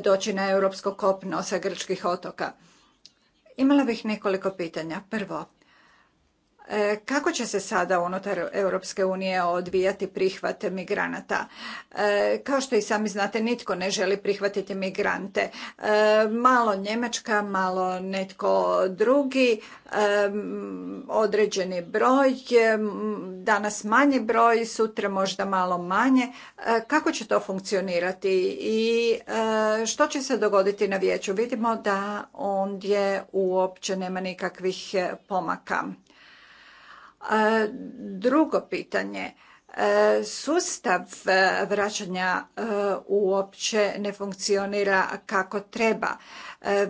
doći na europsko kopno sa grčkih otoka. Imala bih nekoliko pitanja. Prvo, E, kako će se sada unutar Europske unije odvijati prihvat migranata? E, kao što i sami znate, nitko ne želi prihvatiti migrante. E, malo Njemačka, malo netko drugi, određeni broj, danas manji broj, sutra možda malo manje. Kako će to funkcionirati i što će se dogoditi na vijeću? Vidimo da ondje uopće nema nikakvih pomaka. E, drugo pitanje, e, sustav e, vraćanja uopće ne funkcionira kako treba.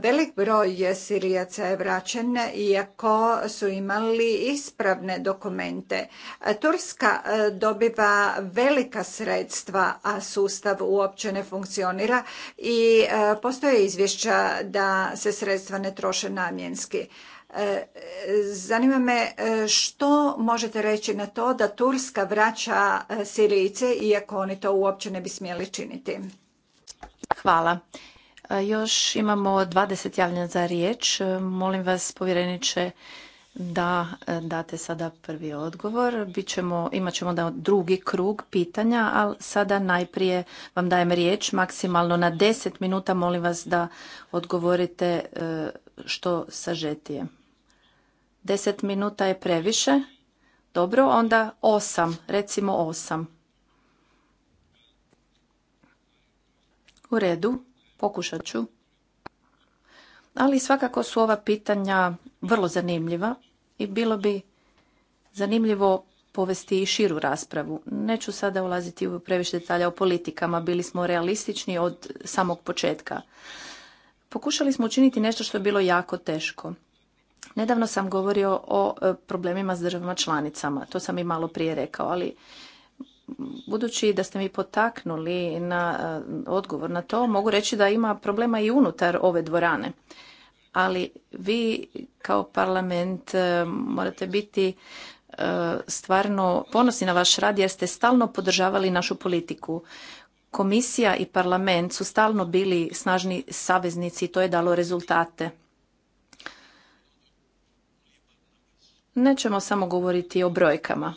Velik broj Sirijaca je vraćen iako su imali ispravne dokumente. Turska dobiva velika sredstva, a sustav uopće ne funkcionira i postoje izvješća da se sredstva ne troše namjenski. Zanima me e, što možete reći na to da Turska vraća e, Sirijice iako oni to uopće ne bi smjeli činiti. Hvala. E, još imamo 20 javljanja za riječ. Molim vas povjereniče da date sada prvi odgovor. Bićemo, imat ćemo da drugi krug pitanja, ali sada najprije vam dajem riječ maksimalno na 10 minuta. Molim vas da odgovorite što sažetije. Deset minuta je previše. Dobro, onda osam, recimo osam. U redu, pokušat ću. Ali svakako su ova pitanja vrlo zanimljiva i bilo bi zanimljivo povesti i širu raspravu. Neću sada ulaziti u previše detalja o politikama, bili smo realistični od samog početka. Pokušali smo učiniti nešto što je bilo jako teško. Nedavno sam govorio o e, problemima s državama članicama, to sam i malo prije rekao, ali budući da ste mi potaknuli na e, odgovor na to, mogu reći da ima problema i unutar ove dvorane. Ali vi kao parlament e, morate biti stvarno ponosni na vaš rad jer ste stalno podržavali našu politiku. Komisija i parlament su stalno bili snažni saveznici i to je dalo rezultate. nećemo samo govoriti o brojkama.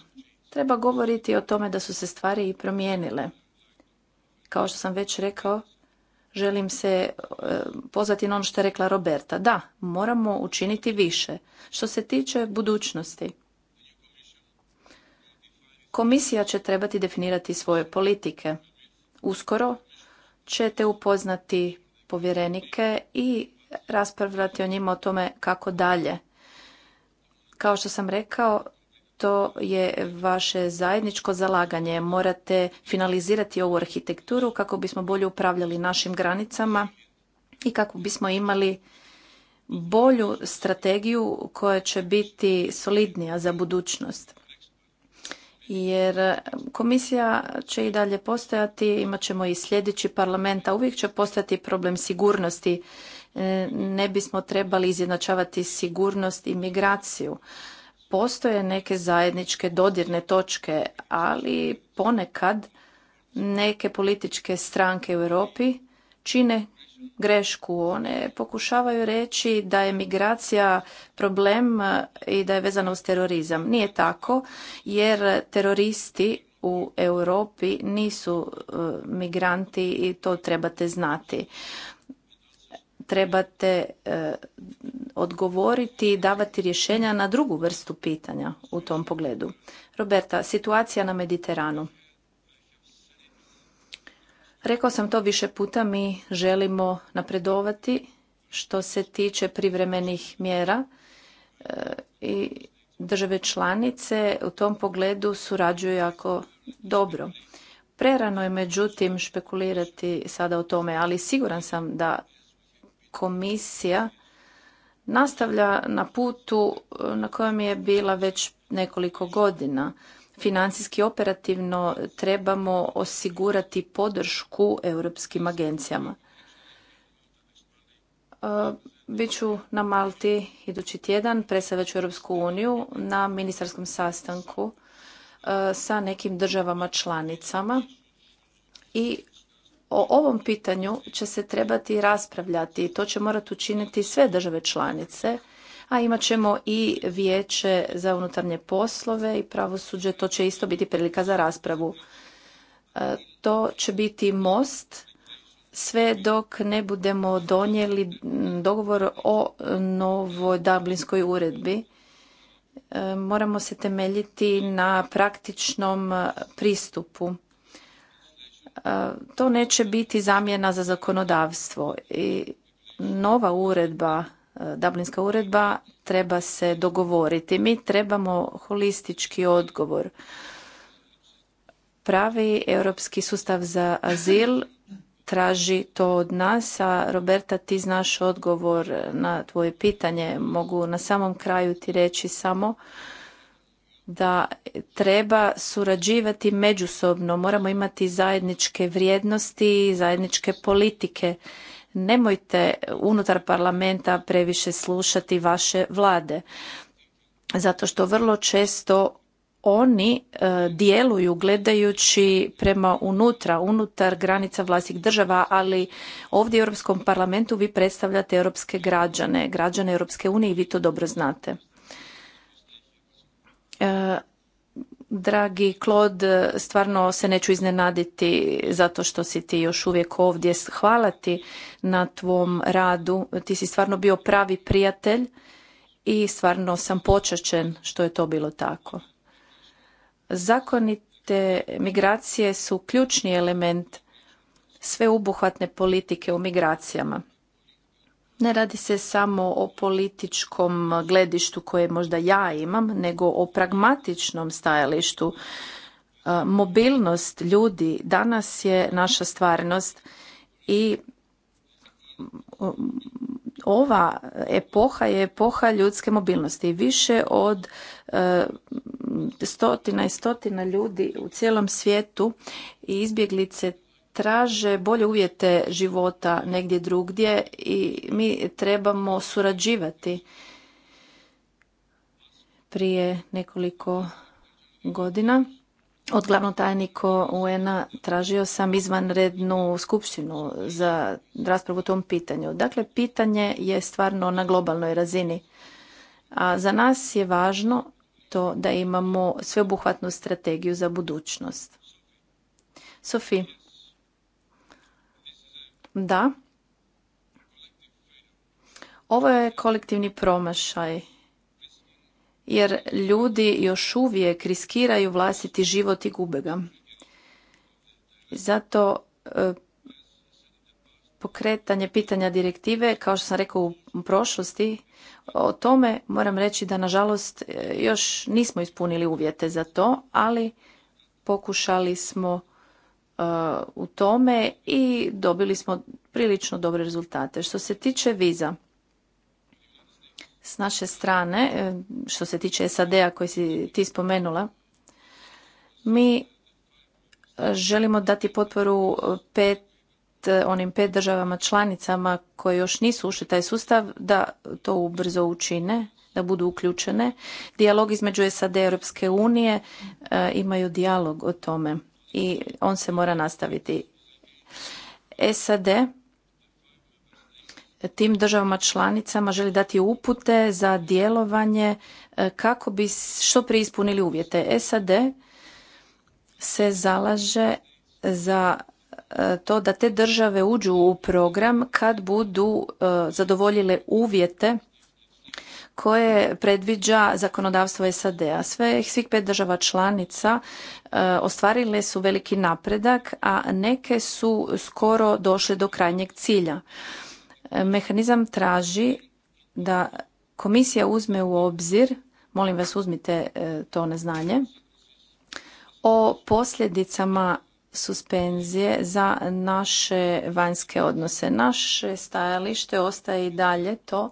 Treba govoriti o tome da su se stvari i promijenile. Kao što sam već rekao, želim se e, pozvati na ono što je rekla Roberta. Da, moramo učiniti više. Što se tiče budućnosti, komisija će trebati definirati svoje politike. Uskoro ćete upoznati povjerenike i raspravljati o njima o tome kako dalje. Kao što sam rekao, to je vaše zajedničko zalaganje. Morate finalizirati ovu arhitekturu kako bismo bolje upravljali našim granicama i kako bismo imali bolju strategiju koja će biti solidnija za budućnost. Jer komisija će i dalje postojati, imat ćemo i sljedeći parlament, a uvijek će postati problem sigurnosti E, ne bismo trebali izjednačavati sigurnost i migraciju. Postoje neke zajedničke dodirne točke, ali ponekad neke političke stranke u Europi čine grešku. One pokušavaju reći da je migracija problem e, i da je vezana uz terorizam. Nije tako jer teroristi u Europi nisu e, migranti i to trebate znati trebate e, odgovoriti i davati rješenja na drugu vrstu pitanja u tom pogledu. Roberta, situacija na Mediteranu. Rekao sam to više puta, mi želimo napredovati što se tiče privremenih mjera e, i države članice u tom pogledu surađuju jako dobro. Prerano je međutim špekulirati sada o tome, ali siguran sam da komisija nastavlja na putu eh, na kojem je bila već nekoliko godina. Financijski operativno trebamo osigurati podršku europskim agencijama. Eh, Biću na Malti idući tjedan, predstavljaću Europsku uniju na ministarskom sastanku eh, sa nekim državama članicama i o ovom pitanju će se trebati raspravljati i to će morati učiniti sve države članice, a imat ćemo i vijeće za unutarnje poslove i pravosuđe, to će isto biti prilika za raspravu. E, to će biti most sve dok ne budemo donijeli dogovor o novoj Dublinskoj uredbi. E, moramo se temeljiti na praktičnom pristupu E, to neće biti zamjena za zakonodavstvo i nova uredba, e, Dublinska uredba treba se dogovoriti. Mi trebamo holistički odgovor. Pravi europski sustav za azil traži to od nas, a Roberta ti znaš odgovor na tvoje pitanje. Mogu na samom kraju ti reći samo da treba surađivati međusobno, moramo imati zajedničke vrijednosti, zajedničke politike. Nemojte unutar parlamenta previše slušati vaše vlade, zato što vrlo često oni e, djeluju gledajući prema unutra, unutar granica vlastih država, ali ovdje u Europskom parlamentu vi predstavljate europske građane, građane Europske unije i vi to dobro znate. E, dragi Klod, stvarno se neću iznenaditi zato što si ti još uvijek ovdje. Hvala ti na tvom radu. Ti si stvarno bio pravi prijatelj i stvarno sam počačen što je to bilo tako. Zakonite migracije su ključni element sveobuhvatne politike u migracijama ne radi se samo o političkom gledištu koje možda ja imam, nego o pragmatičnom stajalištu. E, mobilnost ljudi danas je naša stvarnost i mm, ova epoha je epoha ljudske mobilnosti. Više od e, stotina i stotina ljudi u cijelom svijetu i izbjeglice traže bolje uvjete života negdje drugdje i mi trebamo surađivati. Prije nekoliko godina od glavnog tajnika un tražio sam izvanrednu skupštinu za raspravu o tom pitanju. Dakle, pitanje je stvarno na globalnoj razini. A za nas je važno to da imamo sveobuhvatnu strategiju za budućnost. Sofi, da. Ovo je kolektivni promašaj. Jer ljudi još uvijek riskiraju vlastiti život i gube ga. Zato e, pokretanje pitanja direktive, kao što sam rekao u prošlosti, o tome moram reći da nažalost e, još nismo ispunili uvjete za to, ali pokušali smo E, u tome i dobili smo prilično dobre rezultate. Što se tiče viza, s naše strane, e, što se tiče SAD-a koji si ti spomenula, mi želimo dati potporu pet, onim pet državama članicama koje još nisu ušli taj sustav da to ubrzo učine, da budu uključene. Dijalog između SAD i Europske unije e, imaju dijalog o tome i on se mora nastaviti. SAD tim državama članicama želi dati upute za djelovanje e, kako bi što prije ispunili uvjete. SAD se zalaže za e, to da te države uđu u program kad budu e, zadovoljile uvjete koje predviđa zakonodavstvo SAD-a. Sve svih pet država članica e, ostvarile su veliki napredak, a neke su skoro došle do krajnjeg cilja. E, mehanizam traži da komisija uzme u obzir, molim vas uzmite e, to znanje o posljedicama suspenzije za naše vanjske odnose. Naše stajalište ostaje i dalje to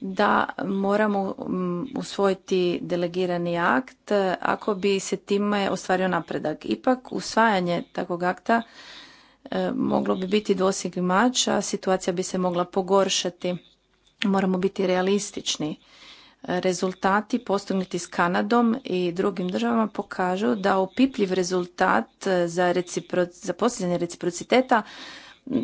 da moramo mm, usvojiti delegirani akt eh, ako bi se time ostvario napredak. Ipak usvajanje takvog akta eh, moglo bi biti dosigmač, a situacija bi se mogla pogoršati. Moramo biti realistični. Rezultati postignuti s Kanadom i drugim državama pokažu da opipljiv rezultat eh, za, recipro, za postizanje reciprociteta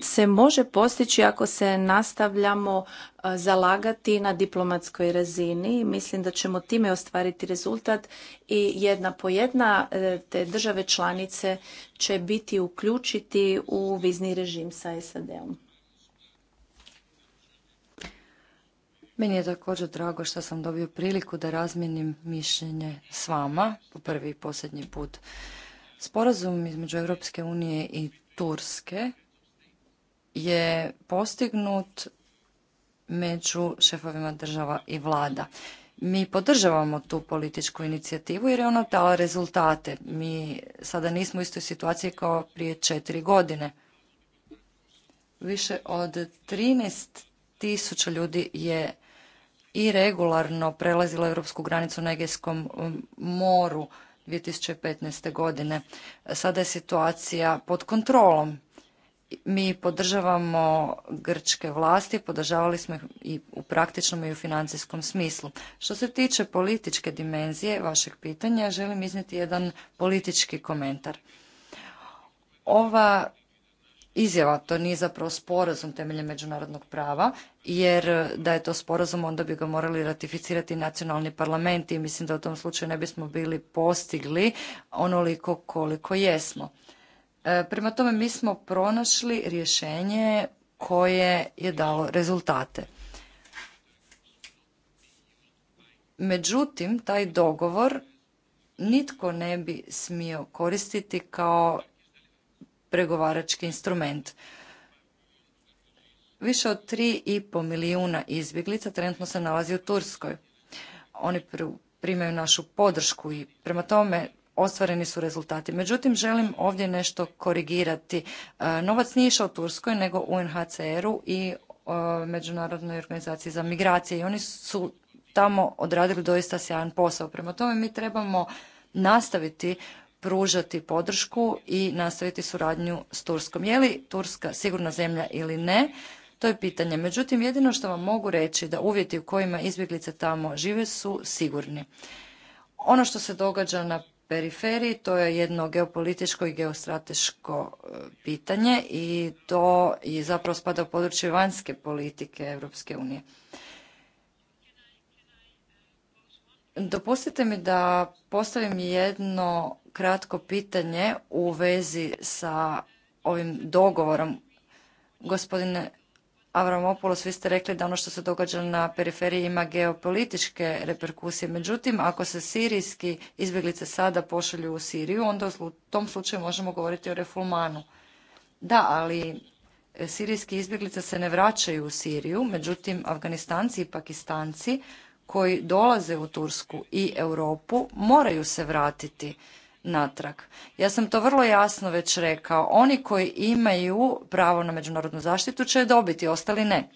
se može postići ako se nastavljamo e, zalagati na diplomatskoj razini. Mislim da ćemo time ostvariti rezultat i jedna po jedna e, te države članice će biti uključiti u vizni režim sa SAD-om. Meni je također drago što sam dobio priliku da razmijenim mišljenje s vama po prvi i posljednji put. Sporazum između Europske unije i Turske je postignut među šefovima država i vlada. Mi podržavamo tu političku inicijativu jer je ona dala rezultate. Mi sada nismo u istoj situaciji kao prije četiri godine. Više od 13 ljudi je i regularno prelazilo europsku granicu na Egejskom um, moru 2015. godine. Sada je situacija pod kontrolom mi podržavamo grčke vlasti, podržavali smo ih i u praktičnom i u financijskom smislu. Što se tiče političke dimenzije vašeg pitanja, želim iznijeti jedan politički komentar. Ova izjava, to nije zapravo sporazum temeljem međunarodnog prava, jer da je to sporazum onda bi ga morali ratificirati nacionalni parlamenti i mislim da u tom slučaju ne bismo bili postigli onoliko koliko jesmo. E, prema tome mi smo pronašli rješenje koje je dalo rezultate. Međutim, taj dogovor nitko ne bi smio koristiti kao pregovarački instrument. Više od po milijuna izbjeglica trenutno se nalazi u Turskoj. Oni primaju našu podršku i prema tome ostvareni su rezultati. Međutim, želim ovdje nešto korigirati. E, novac nije išao Turskoj, nego UNHCR-u i e, Međunarodnoj organizaciji za migracije i oni su tamo odradili doista sjajan posao. Prema tome mi trebamo nastaviti pružati podršku i nastaviti suradnju s Turskom. Je li Turska sigurna zemlja ili ne? To je pitanje. Međutim, jedino što vam mogu reći da uvjeti u kojima izbjeglice tamo žive su sigurni. Ono što se događa na periferiji. To je jedno geopolitičko i geostrateško e, pitanje i to je zapravo spada u područje vanjske politike Europske unije. Dopustite mi da postavim jedno kratko pitanje u vezi sa ovim dogovorom. Gospodine Avramopoulos, vi ste rekli da ono što se događa na periferiji ima geopolitičke reperkusije. Međutim, ako se sirijski izbjeglice sada pošalju u Siriju, onda u tom slučaju možemo govoriti o refulmanu. Da, ali e, sirijski izbjeglice se ne vraćaju u Siriju, međutim, Afganistanci i Pakistanci koji dolaze u Tursku i Europu moraju se vratiti natrag. Ja sam to vrlo jasno već rekao. Oni koji imaju pravo na međunarodnu zaštitu će je dobiti, ostali ne.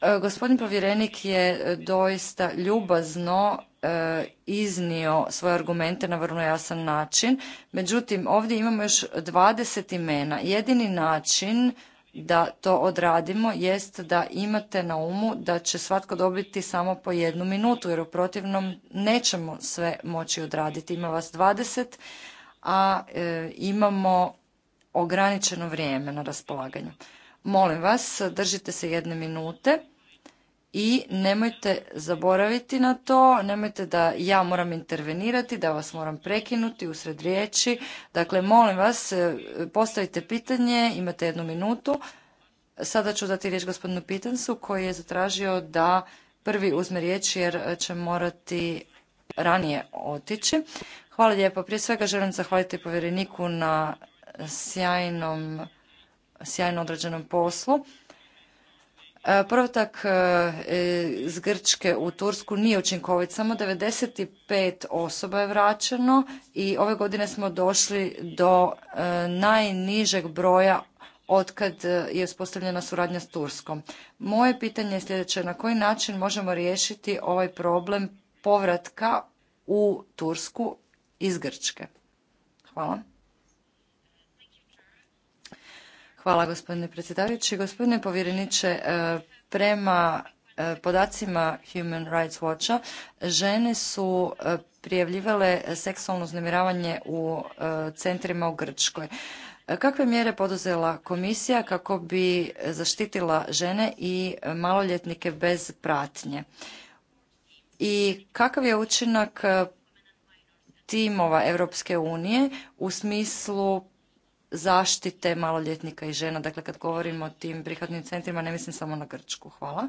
E, gospodin povjerenik je e, doista ljubazno e, iznio svoje argumente na vrlo jasan način. Međutim, ovdje imamo još 20 imena. Jedini način da to odradimo jest da imate na umu da će svatko dobiti samo po jednu minutu jer u protivnom nećemo sve moći odraditi. Ima vas 20, a e, imamo ograničeno vrijeme na raspolaganju. Molim vas, držite se jedne minute i nemojte zaboraviti na to, nemojte da ja moram intervenirati, da vas moram prekinuti usred riječi. Dakle, molim vas, e, postavite pitanje, imate jednu minutu. Sada ću dati riječ gospodinu Pitansu koji je zatražio da prvi uzme riječ jer će morati ranije otići. Hvala lijepo. Prije svega želim zahvaliti povjereniku na sjajnom, sjajno odrađenom poslu. E, Protak e, e, iz Grčke u Tursku nije učinkovit. Samo 95 osoba je vraćeno i ove godine smo došli do najnižeg broja otkad je uspostavljena suradnja s Turskom. Moje pitanje je sljedeće. Na koji način možemo riješiti ovaj problem povratka u Tursku iz Grčke? Hvala. Hvala gospodine predsjedavajući. Gospodine povjereniče, e, prema e, podacima Human Rights Watcha žene su e, prijavljivale seksualno uznemiravanje u centrima u Grčkoj. Kakve mjere poduzela komisija kako bi zaštitila žene i maloljetnike bez pratnje? I kakav je učinak timova Europske unije u smislu zaštite maloljetnika i žena. Dakle, kad govorimo o tim prihvatnim centrima, ne mislim samo na Grčku. Hvala.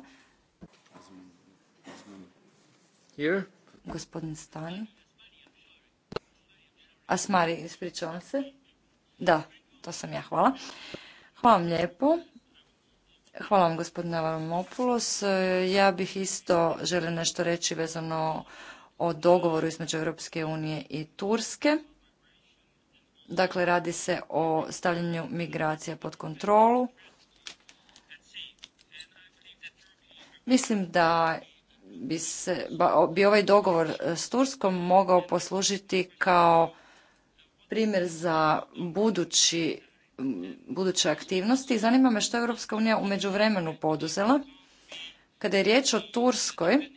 Gospodin Stani. Asmari, ispričavam se. Da, to sam ja, hvala. Hvala vam lijepo. Hvala vam gospodine Avramopoulos. Ja bih isto želio nešto reći vezano o dogovoru između Europske unije i Turske. Dakle, radi se o stavljanju migracija pod kontrolu. Mislim da bi, se, bi ovaj dogovor e, s Turskom mogao poslužiti kao primjer za budući, buduće aktivnosti. Zanima me što je Europska unija u međuvremenu poduzela. Kada je riječ o Turskoj,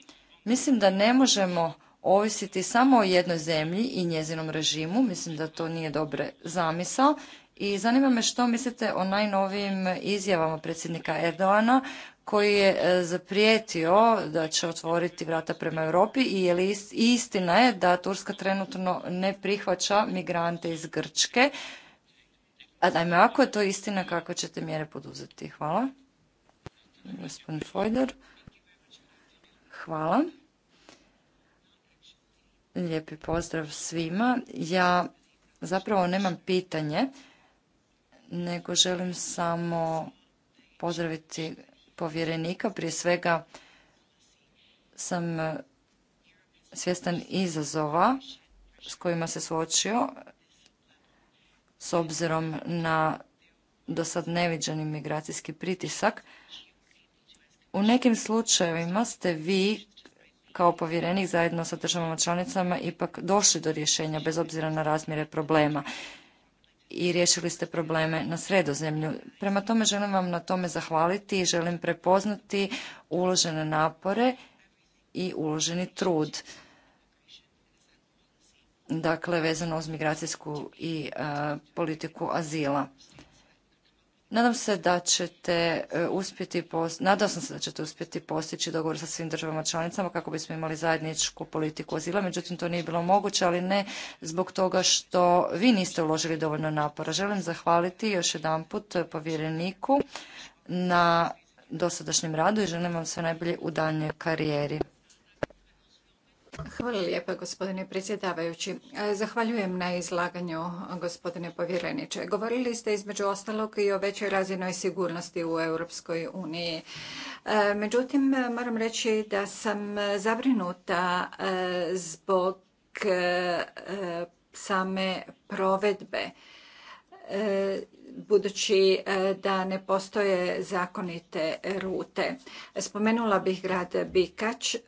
mislim da ne možemo ovisiti samo o jednoj zemlji i njezinom režimu. Mislim da to nije dobre zamisao. I zanima me što mislite o najnovijim izjavama predsjednika Erdoana koji je e, zaprijetio da će otvoriti vrata prema Europi i je li istina je da Turska trenutno ne prihvaća migrante iz Grčke. A dajme, ako je to istina, kako ćete mjere poduzeti? Hvala. Gospodin Fojder. Hvala. Lijepi pozdrav svima. Ja zapravo nemam pitanje, nego želim samo pozdraviti povjerenika. Prije svega sam e, svjestan izazova s kojima se suočio s obzirom na do sad neviđeni migracijski pritisak. U nekim slučajevima ste vi kao povjerenik zajedno sa državama članicama ipak došli do rješenja bez obzira na razmjere problema i riješili ste probleme na sredozemlju. Prema tome želim vam na tome zahvaliti i želim prepoznati uložene napore i uloženi trud. Dakle, vezano uz migracijsku i e, politiku azila. Nadam se da ćete e, uspjeti nadam sam se da ćete uspjeti postići dogovor sa svim državama članicama kako bismo imali zajedničku politiku azila, međutim to nije bilo moguće, ali ne zbog toga što vi niste uložili dovoljno napora. Želim zahvaliti još jedanput povjereniku na dosadašnjem radu i želim vam sve najbolje u daljnjoj karijeri. Hvala lijepa gospodine predsjedavajući. Zahvaljujem na izlaganju gospodine povjereniče. Govorili ste između ostalog i o većoj razinoj sigurnosti u Europskoj uniji. E, međutim, moram reći da sam zabrinuta e, zbog e, same provedbe budući e, da ne postoje zakonite rute. Spomenula bih grad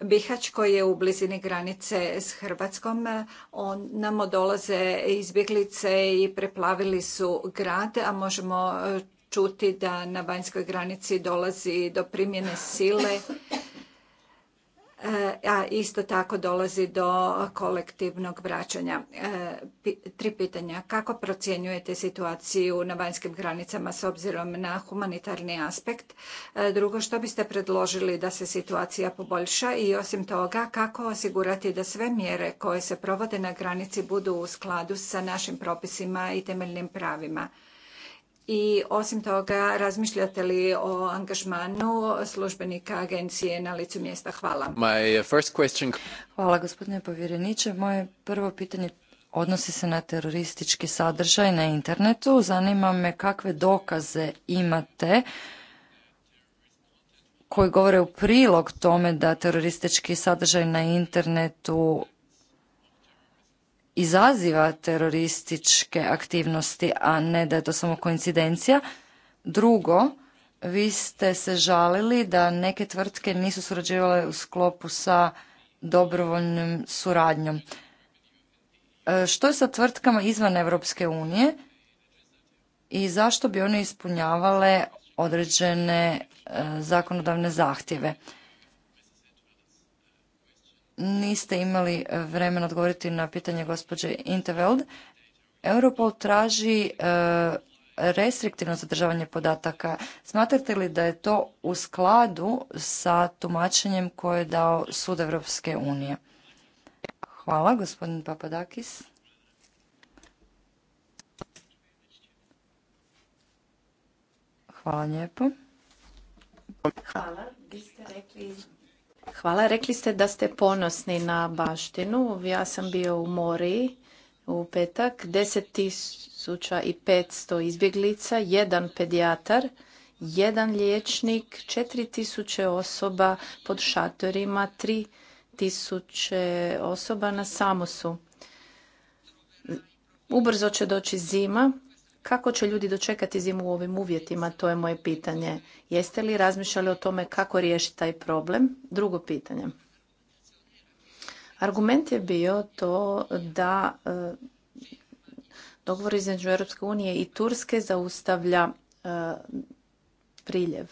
Bihać, koji je u blizini granice s Hrvatskom. On, namo dolaze izbjeglice i preplavili su grad, a možemo e, čuti da na vanjskoj granici dolazi do primjene sile E, a isto tako dolazi do kolektivnog vraćanja. E, tri pitanja. Kako procjenjujete situaciju na vanjskim granicama s obzirom na humanitarni aspekt? E, drugo, što biste predložili da se situacija poboljša i osim toga kako osigurati da sve mjere koje se provode na granici budu u skladu sa našim propisima i temeljnim pravima? i osim toga razmišljate li o angažmanu službenika agencije na licu mjesta? Hvala. Uh, Hvala gospodine povjereniče. Moje prvo pitanje odnosi se na teroristički sadržaj na internetu. Zanima me kakve dokaze imate koji govore u prilog tome da teroristički sadržaj na internetu izaziva terorističke aktivnosti, a ne da je to samo koincidencija. Drugo, vi ste se žalili da neke tvrtke nisu surađivale u sklopu sa dobrovoljnom suradnjom. E, što je sa tvrtkama izvan Europske unije i zašto bi one ispunjavale određene e, zakonodavne zahtjeve? niste imali e, vremena odgovoriti na pitanje gospođe Interveld. Europol traži e, restriktivno zadržavanje podataka. Smatrate li da je to u skladu sa tumačenjem koje je dao Sud Evropske unije? Hvala, gospodin Papadakis. Hvala lijepo. Hvala. Vi rekli Hvala. Rekli ste da ste ponosni na baštinu. Ja sam bio u Moriji u petak. 10.500 izbjeglica, jedan pedijatar, jedan liječnik, 4.000 osoba pod šatorima, 3.000 osoba na samosu. Ubrzo će doći zima kako će ljudi dočekati zimu u ovim uvjetima, to je moje pitanje. Jeste li razmišljali o tome kako riješiti taj problem? Drugo pitanje. Argument je bio to da e, dogovor između Europske unije i Turske zaustavlja e, priljev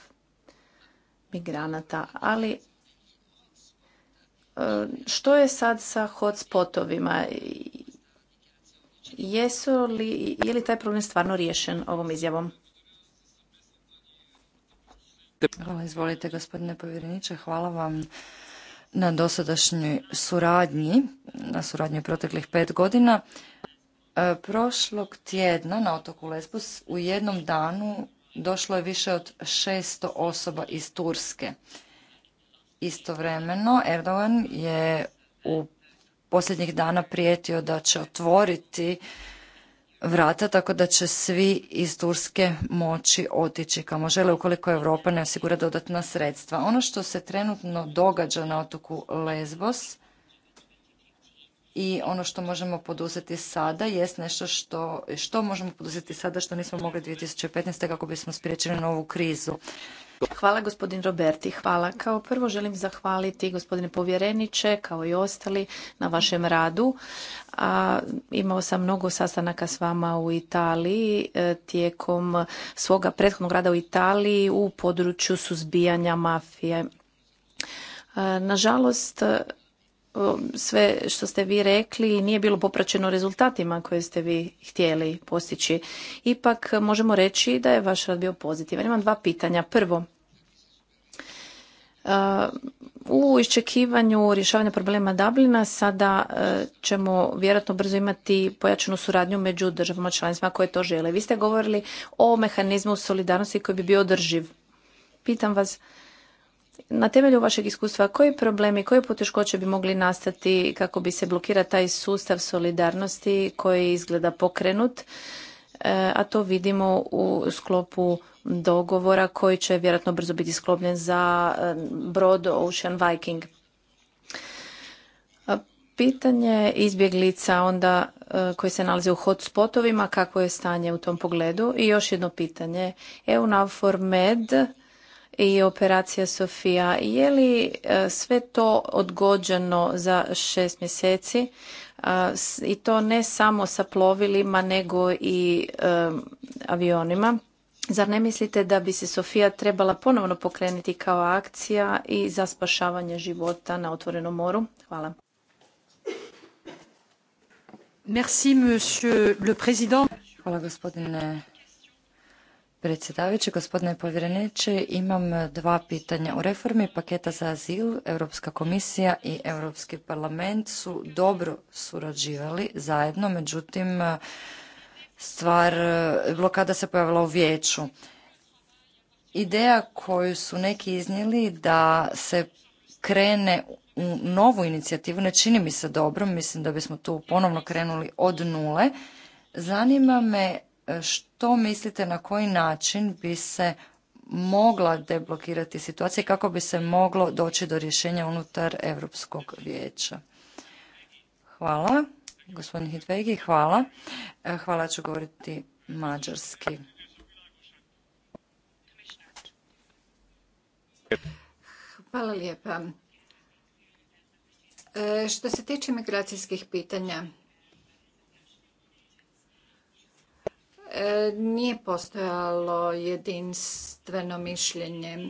migranata, ali e, što je sad sa hotspotovima? Jesu li, je li taj problem stvarno riješen ovom izjavom? izvolite gospodine povjereniče, hvala vam na dosadašnjoj suradnji, na suradnji proteklih pet godina. E, prošlog tjedna na otoku Lesbos u jednom danu došlo je više od 600 osoba iz Turske. Istovremeno Erdogan je u posljednjih dana prijetio da će otvoriti vrata tako da će svi iz Turske moći otići kamo žele ukoliko Europa ne osigura dodatna sredstva. Ono što se trenutno događa na otoku Lesbos i ono što možemo poduzeti sada jest nešto što, što možemo poduzeti sada što nismo mogli 2015. kako bismo spriječili novu krizu. Hvala gospodin Roberti. Hvala. Kao prvo želim zahvaliti gospodine povjereniče kao i ostali na vašem radu. A, imao sam mnogo sastanaka s vama u Italiji e, tijekom svoga prethodnog rada u Italiji u području suzbijanja mafije. E, nažalost, sve što ste vi rekli nije bilo popraćeno rezultatima koje ste vi htjeli postići. Ipak možemo reći da je vaš rad bio pozitivan. Imam dva pitanja. Prvo, u iščekivanju rješavanja problema Dublina sada ćemo vjerojatno brzo imati pojačanu suradnju među državama članicama koje to žele. Vi ste govorili o mehanizmu solidarnosti koji bi bio održiv. Pitam vas, na temelju vašeg iskustva koji problemi, koje poteškoće bi mogli nastati kako bi se blokira taj sustav solidarnosti koji izgleda pokrenut, e, a to vidimo u sklopu dogovora koji će vjerojatno brzo biti sklopljen za e, brod Ocean Viking. E, pitanje izbjeglica onda koji se nalaze u hotspotovima, kako je stanje u tom pogledu? I još jedno pitanje. EU Med i operacija Sofija. Je li e, sve to odgođeno za šest mjeseci? E, I to ne samo sa plovilima, nego i e, avionima. Zar ne mislite da bi se Sofija trebala ponovno pokrenuti kao akcija i za spašavanje života na otvorenom moru? Hvala. Hvala gospodine predsjedavajući, gospodine povjereniče, imam dva pitanja. U reformi paketa za azil Europska komisija i Europski parlament su dobro surađivali zajedno, međutim stvar blokada se pojavila u vijeću. Ideja koju su neki iznijeli da se krene u novu inicijativu ne čini mi se dobro, mislim da bismo tu ponovno krenuli od nule. Zanima me što mislite na koji način bi se mogla deblokirati situacija i kako bi se moglo doći do rješenja unutar Europskog vijeća? Hvala. Gospodin Hidvegi, hvala. E, hvala, ću govoriti mađarski. Hvala lijepa. E, što se tiče migracijskih pitanja, E, nije postojalo jedinstveno mišljenje.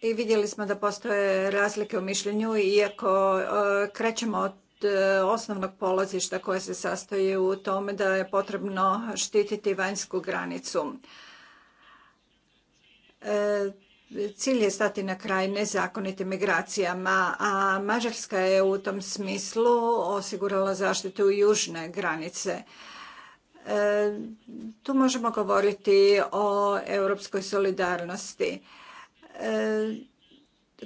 I vidjeli smo da postoje razlike u mišljenju, iako e, krećemo od e, osnovnog polazišta koje se sastoji u tome da je potrebno štititi vanjsku granicu. Cilj je stati na kraj nezakonitim migracijama, a Mađarska je u tom smislu osigurala zaštitu južne granice. E, tu možemo govoriti o europskoj solidarnosti. E,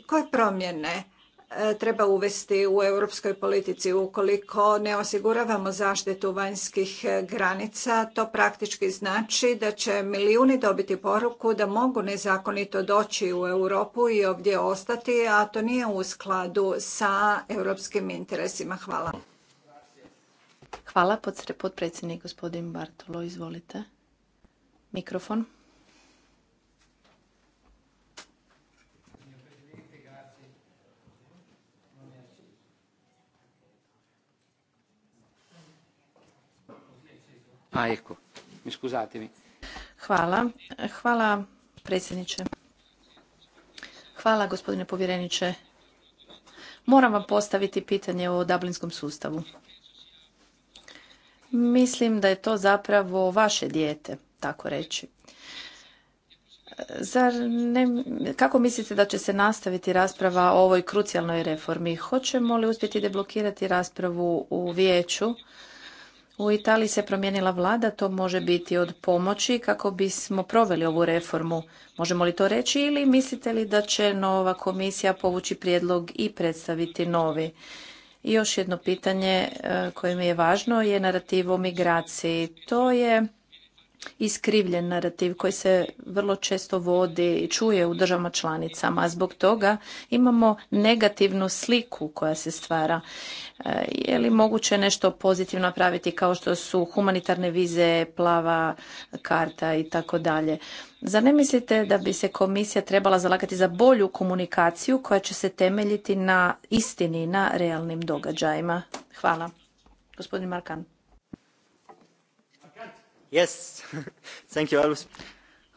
koje promjene? E, treba uvesti u europskoj politici. Ukoliko ne osiguravamo zaštitu vanjskih e, granica, to praktički znači da će milijuni dobiti poruku da mogu nezakonito doći u Europu i ovdje ostati, a to nije u skladu sa europskim interesima. Hvala. Hvala, potpredsjednik gospodin Bartolo, izvolite. Mikrofon. Hvala. Hvala predsjedniče. Hvala gospodine povjereniče. Moram vam postaviti pitanje o dublinskom sustavu. Mislim da je to zapravo vaše dijete, tako reći. Zar ne, kako mislite da će se nastaviti rasprava o ovoj krucijalnoj reformi? Hoćemo li uspjeti deblokirati raspravu u vijeću u Italiji se promijenila vlada, to može biti od pomoći kako bismo proveli ovu reformu. Možemo li to reći ili mislite li da će nova komisija povući prijedlog i predstaviti novi? I još jedno pitanje e, koje mi je važno je narativ o migraciji. To je iskrivljen narativ koji se vrlo često vodi i čuje u državama članicama. A zbog toga imamo negativnu sliku koja se stvara. E, je li moguće nešto pozitivno napraviti kao što su humanitarne vize, plava karta i tako dalje? Zar ne mislite da bi se komisija trebala zalagati za bolju komunikaciju koja će se temeljiti na istini, na realnim događajima? Hvala. Gospodin Markan. Yes. Thank you.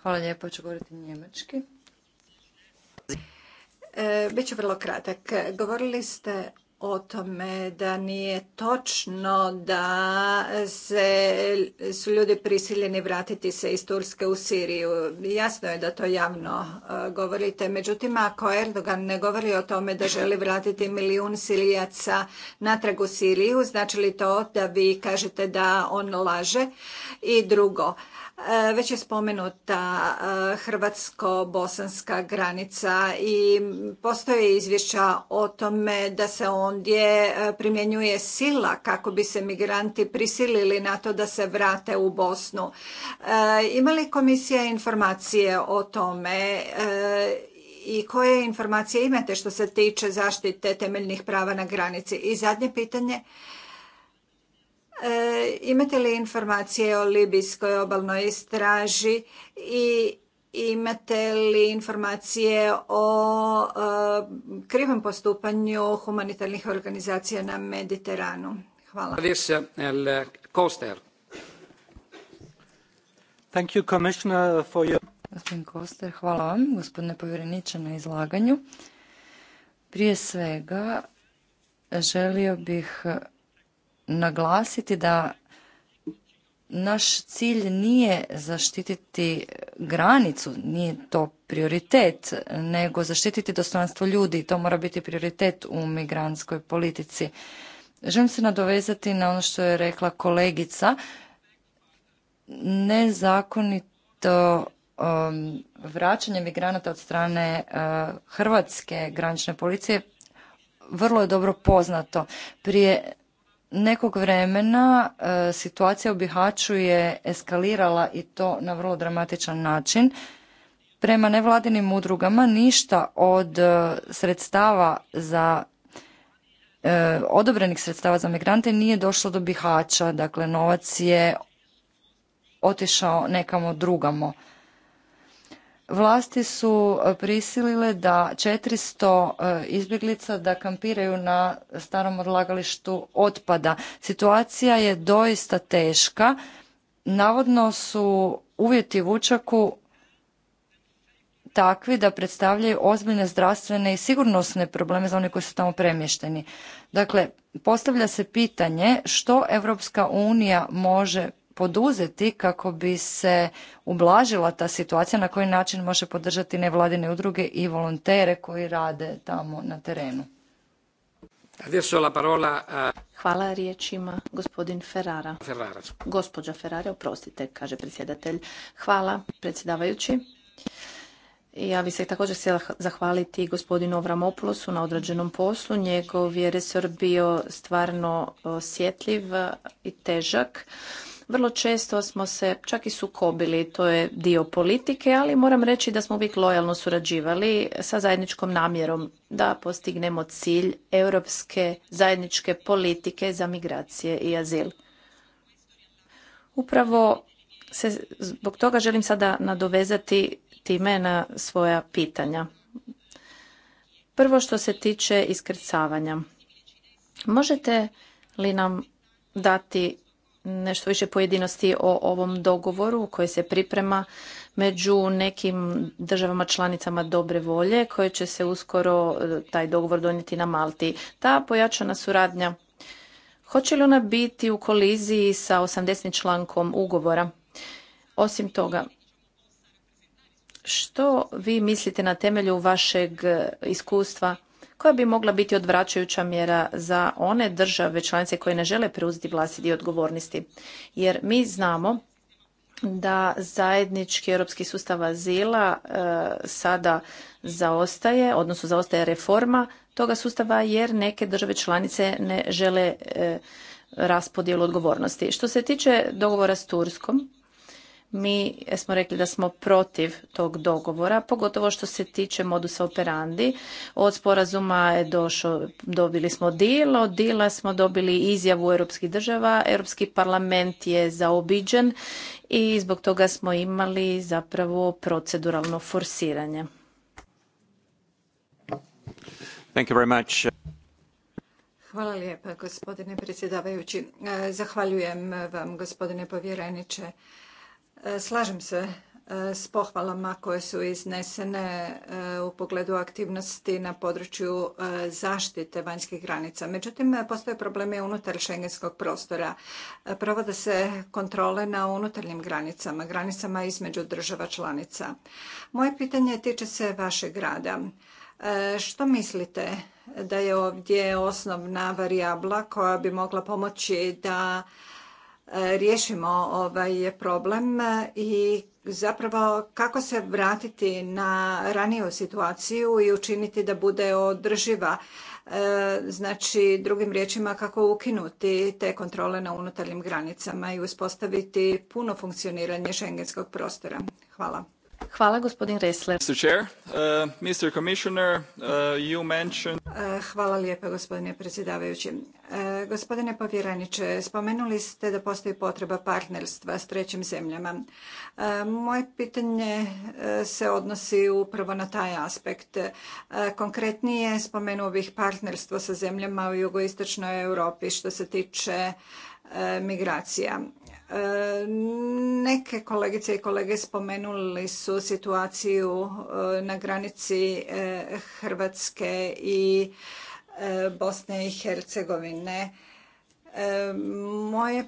Hvala lijepo, ću govoriti njemački. E, Biću vrlo kratak. Govorili ste o tome da nije točno da se, su ljudi prisiljeni vratiti se iz Turske u Siriju. Jasno je da to javno e, govorite. Međutim, ako Erdogan ne govori o tome da želi vratiti milijun Sirijaca natrag u Siriju, znači li to da vi kažete da on laže? I drugo, E, već je spomenuta e, hrvatsko-bosanska granica i postoje izvješća o tome da se ondje e, primjenjuje sila kako bi se migranti prisilili na to da se vrate u Bosnu. Ima li komisija informacije o tome i koje informacije imate što se tiče zaštite temeljnih prava na granici? I zadnje pitanje, E, imate li informacije o libijskoj obalnoj straži i imate li informacije o e, krivom postupanju humanitarnih organizacija na Mediteranu? Hvala. Thank you, Gospodin Koster, hvala vam, gospodine povjereniče, na izlaganju. Prije svega, želio bih naglasiti da naš cilj nije zaštititi granicu, nije to prioritet, nego zaštititi dostojanstvo ljudi i to mora biti prioritet u migrantskoj politici. Želim se nadovezati na ono što je rekla kolegica. Nezakonito um, vraćanje migranata od strane uh, Hrvatske granične policije vrlo je dobro poznato. Prije nekog vremena e, situacija u Bihaću je eskalirala i to na vrlo dramatičan način. Prema nevladinim udrugama ništa od e, sredstava za e, odobrenih sredstava za migrante nije došlo do Bihaća, dakle novac je otišao nekamo drugamo. Vlasti su e, prisilile da 400 e, izbjeglica da kampiraju na starom odlagalištu otpada. Situacija je doista teška. Navodno su uvjeti Vučaku takvi da predstavljaju ozbiljne zdravstvene i sigurnosne probleme za one koji su tamo premješteni. Dakle, postavlja se pitanje što Europska unija može poduzeti kako bi se ublažila ta situacija, na koji način može podržati nevladine udruge i volontere koji rade tamo na terenu. Hvala riječima gospodin Ferrara. Ferrara. Gospođa Ferrara, oprostite, kaže predsjedatelj. Hvala predsjedavajući. Ja bih se također htjela zahvaliti gospodinu Ovramopulosu na odrađenom poslu. Njegov je resor bio stvarno osjetljiv i težak. Vrlo često smo se čak i sukobili, to je dio politike, ali moram reći da smo uvijek lojalno surađivali sa zajedničkom namjerom da postignemo cilj europske zajedničke politike za migracije i azil. Upravo se zbog toga želim sada nadovezati time na svoja pitanja. Prvo što se tiče iskrcavanja. Možete li nam dati nešto više pojedinosti o ovom dogovoru koji se priprema među nekim državama članicama dobre volje koje će se uskoro e, taj dogovor donijeti na Malti. Ta pojačana suradnja hoće li ona biti u koliziji sa 80. člankom ugovora? Osim toga, što vi mislite na temelju vašeg e, iskustva koja bi mogla biti odvraćajuća mjera za one države članice koje ne žele preuzeti vlastiti odgovornosti. Jer mi znamo da zajednički europski sustav azila e, sada zaostaje, odnosno zaostaje reforma toga sustava jer neke države članice ne žele e, raspodjelu odgovornosti. Što se tiče dogovora s Turskom, mi smo rekli da smo protiv tog dogovora, pogotovo što se tiče modusa operandi. Od sporazuma je došao, dobili smo dilo, od dila smo dobili izjavu europskih država, Europski parlament je zaobiđen i zbog toga smo imali zapravo proceduralno forsiranje. Thank you very much. Hvala lijepa gospodine predsjedavajući. Zahvaljujem vam gospodine povjereniče E, slažem se e, s pohvalama koje su iznesene e, u pogledu aktivnosti na području zaštite vanjskih granica. Međutim, postoje problemi unutar šengenskog prostora. Provode se kontrole na unutarnjim granicama, granicama između država članica. Moje pitanje tiče se vašeg grada. Što mislite da je ovdje osnovna varijabla koja bi mogla pomoći da E, riješimo ovaj problem i zapravo kako se vratiti na raniju situaciju i učiniti da bude održiva e, znači drugim riječima kako ukinuti te kontrole na unutarnjim granicama i uspostaviti puno funkcioniranje šengenskog prostora. Hvala. Hvala, gospodin Ressler. Uh, uh, uh, hvala lijepa, gospodine predsjedavajući. Gospodine povjereniče, spomenuli ste da postoji potreba partnerstva s trećim zemljama. Moje pitanje se odnosi upravo na taj aspekt. Konkretnije spomenuo bih partnerstvo sa zemljama u jugoistočnoj Europi što se tiče migracija. Neke kolegice i kolege spomenuli su situaciju e, na granici e, Hrvatske i e, Bosne i Hercegovine. Moje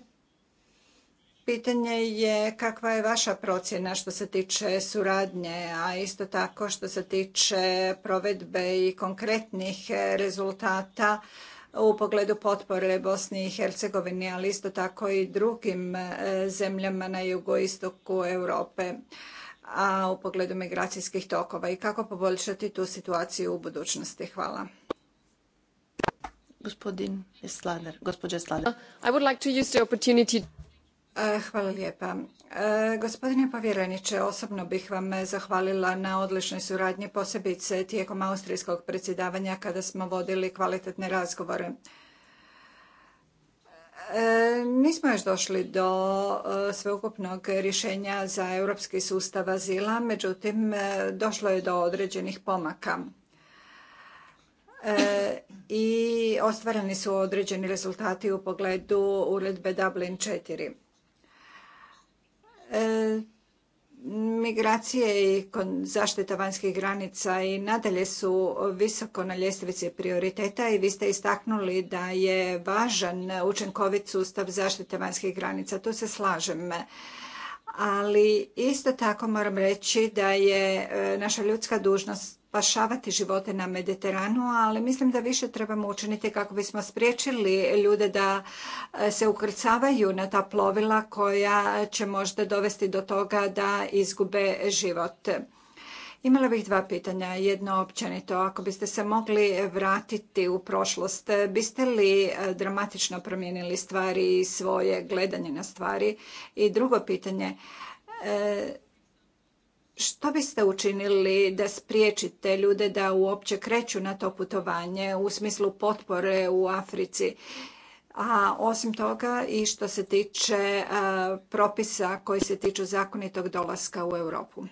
pitanje je kakva je vaša procjena što se tiče suradnje, a isto tako što se tiče provedbe i konkretnih rezultata u pogledu potpore Bosni i Hercegovini, ali isto tako i drugim e, zemljama na jugoistoku Europe, a u pogledu migracijskih tokova i kako poboljšati tu situaciju u budućnosti. Hvala. Gospodin slaner gospođa I would like to use the opportunity E, hvala lijepa. E, gospodine povjereniče, osobno bih vam zahvalila na odličnoj suradnji, posebice tijekom austrijskog predsjedavanja kada smo vodili kvalitetne razgovore. E, nismo još došli do sveukupnog rješenja za europski sustav azila, međutim došlo je do određenih pomaka i ostvareni su određeni rezultati u pogledu uredbe Dublin 4. E, migracije i zaštita vanjskih granica i nadalje su visoko na ljestvici prioriteta i vi ste istaknuli da je važan učinkovit sustav zaštite vanjskih granica. Tu se slažem. Ali isto tako moram reći da je e, naša ljudska dužnost spašavati živote na Mediteranu, ali mislim da više trebamo učiniti kako bismo spriječili ljude da e, se ukrcavaju na ta plovila koja će možda dovesti do toga da izgube život. Imala bih dva pitanja, jedno općenito. Ako biste se mogli vratiti u prošlost, biste li e, dramatično promijenili stvari i svoje gledanje na stvari? I drugo pitanje, e, što biste učinili da spriječite ljude da uopće kreću na to putovanje u smislu potpore u Africi? A osim toga i što se tiče e, propisa koji se tiču zakonitog dolaska u Europu.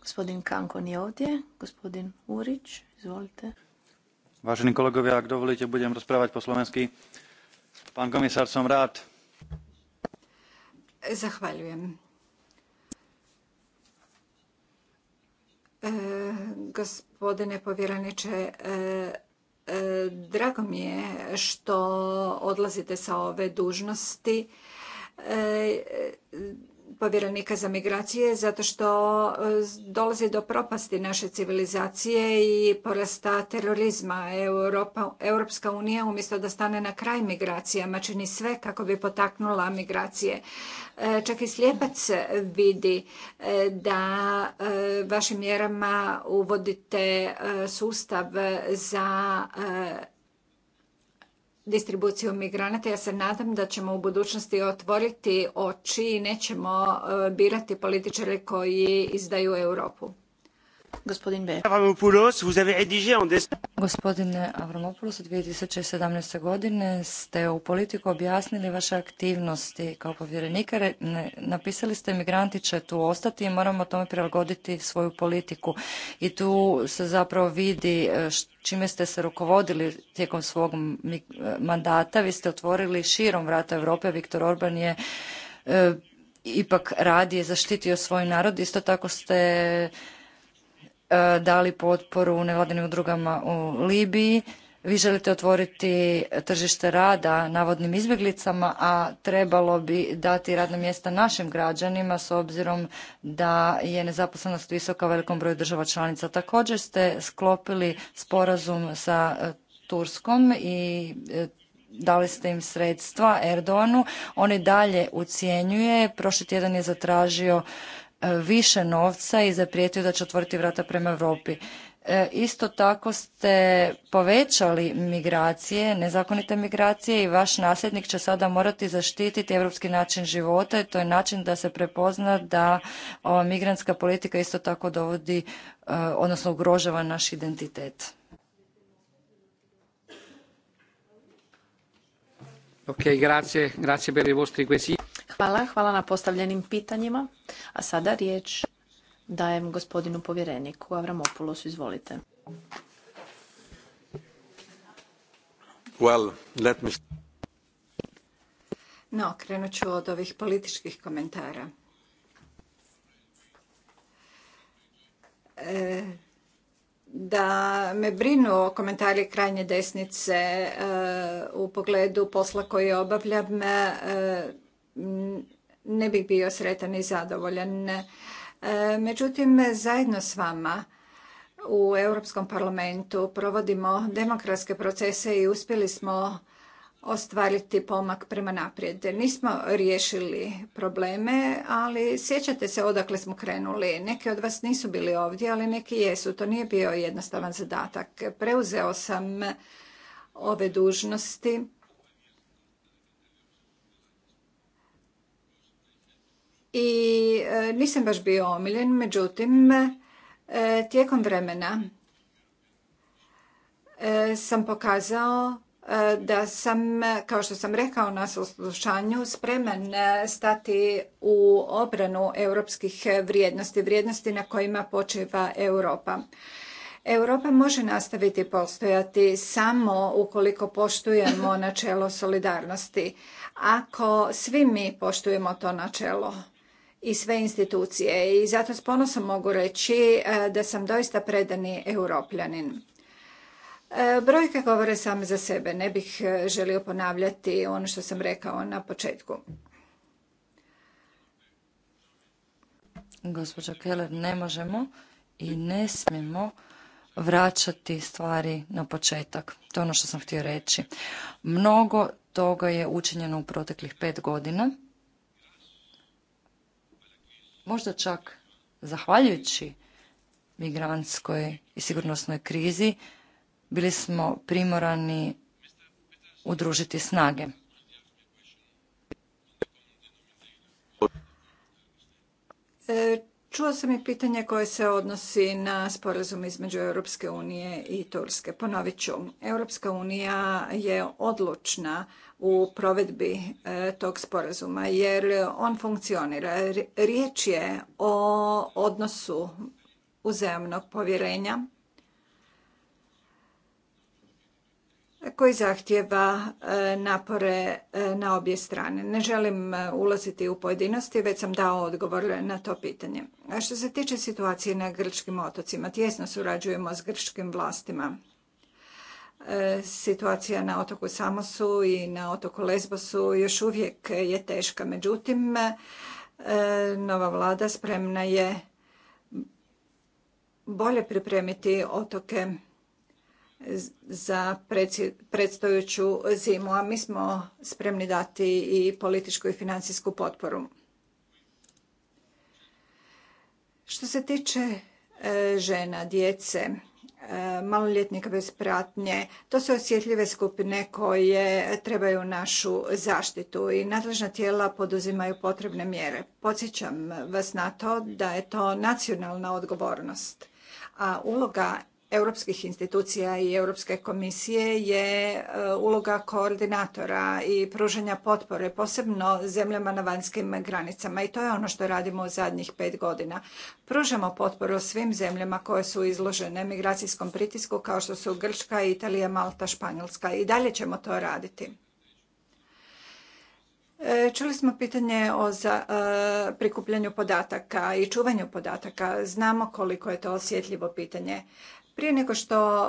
Gospodin kanko je ovdje. Gospodin Urić, izvolite. Važeni kolegovi, ako dovolite, budem raspravati po slovenski. Pan komisar sam Zahvaljujem. Gospodine povjereniče, e, e, drago mi je što odlazite sa ove dužnosti e, povjerenika za migracije zato što e, dolazi do propasti naše civilizacije i porasta terorizma. Europa, Europska unija umjesto da stane na kraj migracijama čini sve kako bi potaknula migracije. E, čak i slijepac vidi e, da vašim mjerama uvodite sustav za distribuciju migranata. Ja se nadam da ćemo u budućnosti otvoriti oči i nećemo e, birati političare koji izdaju Europu. Gospodine Avramopoulos, u 2017. godine ste u politiku objasnili vaše aktivnosti kao povjerenika. Napisali ste migranti će tu ostati i moramo tome prilagoditi svoju politiku. I tu se zapravo vidi e, čime ste se rukovodili tijekom svog e, mandata. Vi ste otvorili širom vrata Europe. Viktor Orban je e, ipak radije zaštitio svoj narod. Isto tako ste E, dali potporu nevladinim udrugama u Libiji. Vi želite otvoriti tržište rada navodnim izbjeglicama, a trebalo bi dati radna mjesta našim građanima s obzirom da je nezaposlenost visoka u velikom broju država članica. Također ste sklopili sporazum sa e, Turskom i e, dali ste im sredstva Erdoganu. On je dalje ucijenjuje. Prošli tjedan je zatražio više novca i zaprijetio da će otvoriti vrata prema Europi. E, isto tako ste povećali migracije, nezakonite migracije i vaš nasljednik će sada morati zaštititi europski način života i to je način da se prepozna da ova migrantska politika isto tako dovodi, e, odnosno ugrožava naš identitet. Ok, grazie, grazie per i vostri Hvala, hvala na postavljenim pitanjima. A sada riječ dajem gospodinu povjereniku Avramopoulosu. Izvolite. No, krenut ću od ovih političkih komentara. E, da me brinu komentari krajnje desnice e, u pogledu posla koji obavljam, e, ne bih bio sretan i zadovoljan. E, međutim, zajedno s vama u Europskom parlamentu provodimo demokratske procese i uspjeli smo ostvariti pomak prema naprijed. Nismo riješili probleme, ali sjećate se odakle smo krenuli. Neki od vas nisu bili ovdje, ali neki jesu. To nije bio jednostavan zadatak. Preuzeo sam ove dužnosti i e, nisam baš bio omiljen, međutim e, tijekom vremena e, sam pokazao da sam, kao što sam rekao na slušanju, spreman stati u obranu europskih vrijednosti, vrijednosti na kojima počeva Europa. Europa može nastaviti postojati samo ukoliko poštujemo načelo solidarnosti. Ako svi mi poštujemo to načelo, i sve institucije i zato s ponosom mogu reći e, da sam doista predani europljanin. E, brojke govore same za sebe, ne bih e, želio ponavljati ono što sam rekao na početku. Gospođo Keller, ne možemo i ne smijemo vraćati stvari na početak. To je ono što sam htio reći. Mnogo toga je učinjeno u proteklih pet godina možda čak zahvaljujući migrantskoj i sigurnosnoj krizi bili smo primorani udružiti snage. E, čuo sam i pitanje koje se odnosi na sporazum između Europske unije i Turske. Ponovit ću, Europska unija je odlučna u provedbi e, tog sporazuma jer on funkcionira. Riječ je o odnosu uzajamnog povjerenja koji zahtjeva e, napore e, na obje strane. Ne želim ulaziti u pojedinosti, već sam dao odgovor na to pitanje. što se tiče situacije na grčkim otocima, tjesno surađujemo s grčkim vlastima E, situacija na otoku Samosu i na otoku Lesbosu još uvijek je teška. Međutim, e, nova vlada spremna je bolje pripremiti otoke za predstojuću zimu, a mi smo spremni dati i političku i financijsku potporu. Što se tiče e, žena, djece, maloljetnika bez pratnje. To su osjetljive skupine koje trebaju našu zaštitu i nadležna tijela poduzimaju potrebne mjere. Podsjećam vas na to da je to nacionalna odgovornost, a uloga europskih institucija i Europske komisije je e, uloga koordinatora i pružanja potpore, posebno zemljama na vanjskim granicama i to je ono što radimo u zadnjih pet godina. Pružamo potporu svim zemljama koje su izložene migracijskom pritisku kao što su Grčka, Italija, Malta, Španjolska i dalje ćemo to raditi. E, čuli smo pitanje o e, prikupljanju podataka i čuvanju podataka. Znamo koliko je to osjetljivo pitanje. Prije nego što e,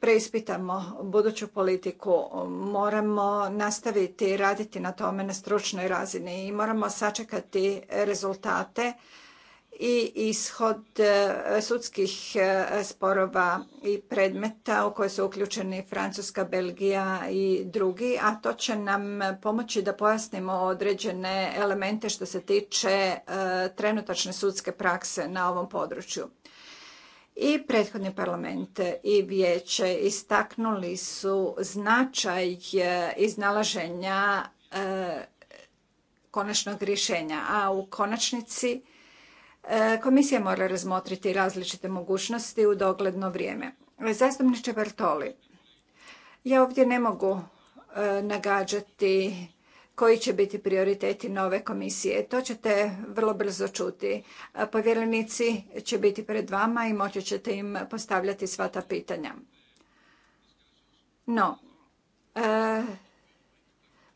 preispitamo buduću politiku, moramo nastaviti raditi na tome na stručnoj razini i moramo sačekati rezultate i ishod e, sudskih e, sporova i predmeta u koje su uključeni Francuska, Belgija i drugi, a to će nam pomoći da pojasnimo određene elemente što se tiče trenutačne sudske prakse na ovom području i prethodni parlament i vijeće istaknuli su značaj e, iznalaženja e, konačnog rješenja, a u konačnici e, komisija mora razmotriti različite mogućnosti u dogledno vrijeme. Zastupniče Bartoli, ja ovdje ne mogu nagađati koji će biti prioriteti nove komisije. To ćete vrlo brzo čuti. Povjerenici će biti pred vama i moći ćete im postavljati sva ta pitanja. No, e,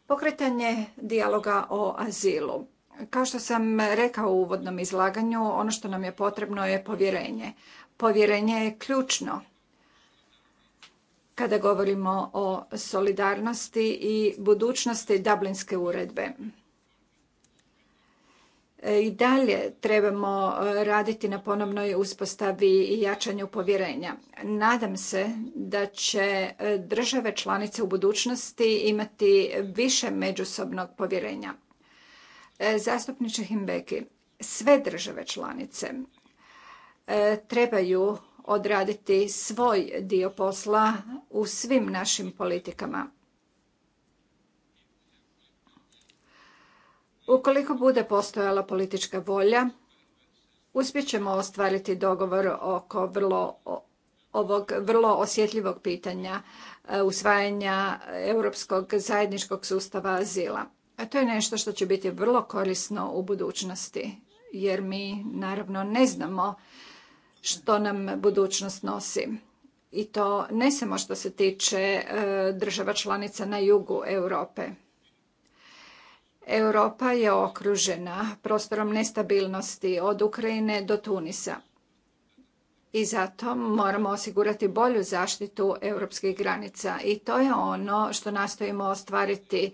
pokretanje dijaloga o azilu. Kao što sam rekao u uvodnom izlaganju, ono što nam je potrebno je povjerenje. Povjerenje je ključno kada govorimo o solidarnosti i budućnosti Dublinske uredbe. E, I dalje trebamo e, raditi na ponovnoj uspostavi i jačanju povjerenja. Nadam se da će e, države članice u budućnosti imati više međusobnog povjerenja. Zastupniče Himbeki, sve države članice trebaju odraditi svoj dio posla u svim našim politikama. Ukoliko bude postojala politička volja, ćemo ostvariti dogovor oko vrlo ovog vrlo osjetljivog pitanja e, usvajanja europskog zajedničkog sustava azila. A to je nešto što će biti vrlo korisno u budućnosti, jer mi naravno ne znamo što nam budućnost nosi. I to ne samo što se tiče e, država članica na jugu Europe. Europa je okružena prostorom nestabilnosti od Ukrajine do Tunisa. I zato moramo osigurati bolju zaštitu europskih granica i to je ono što nastojimo ostvariti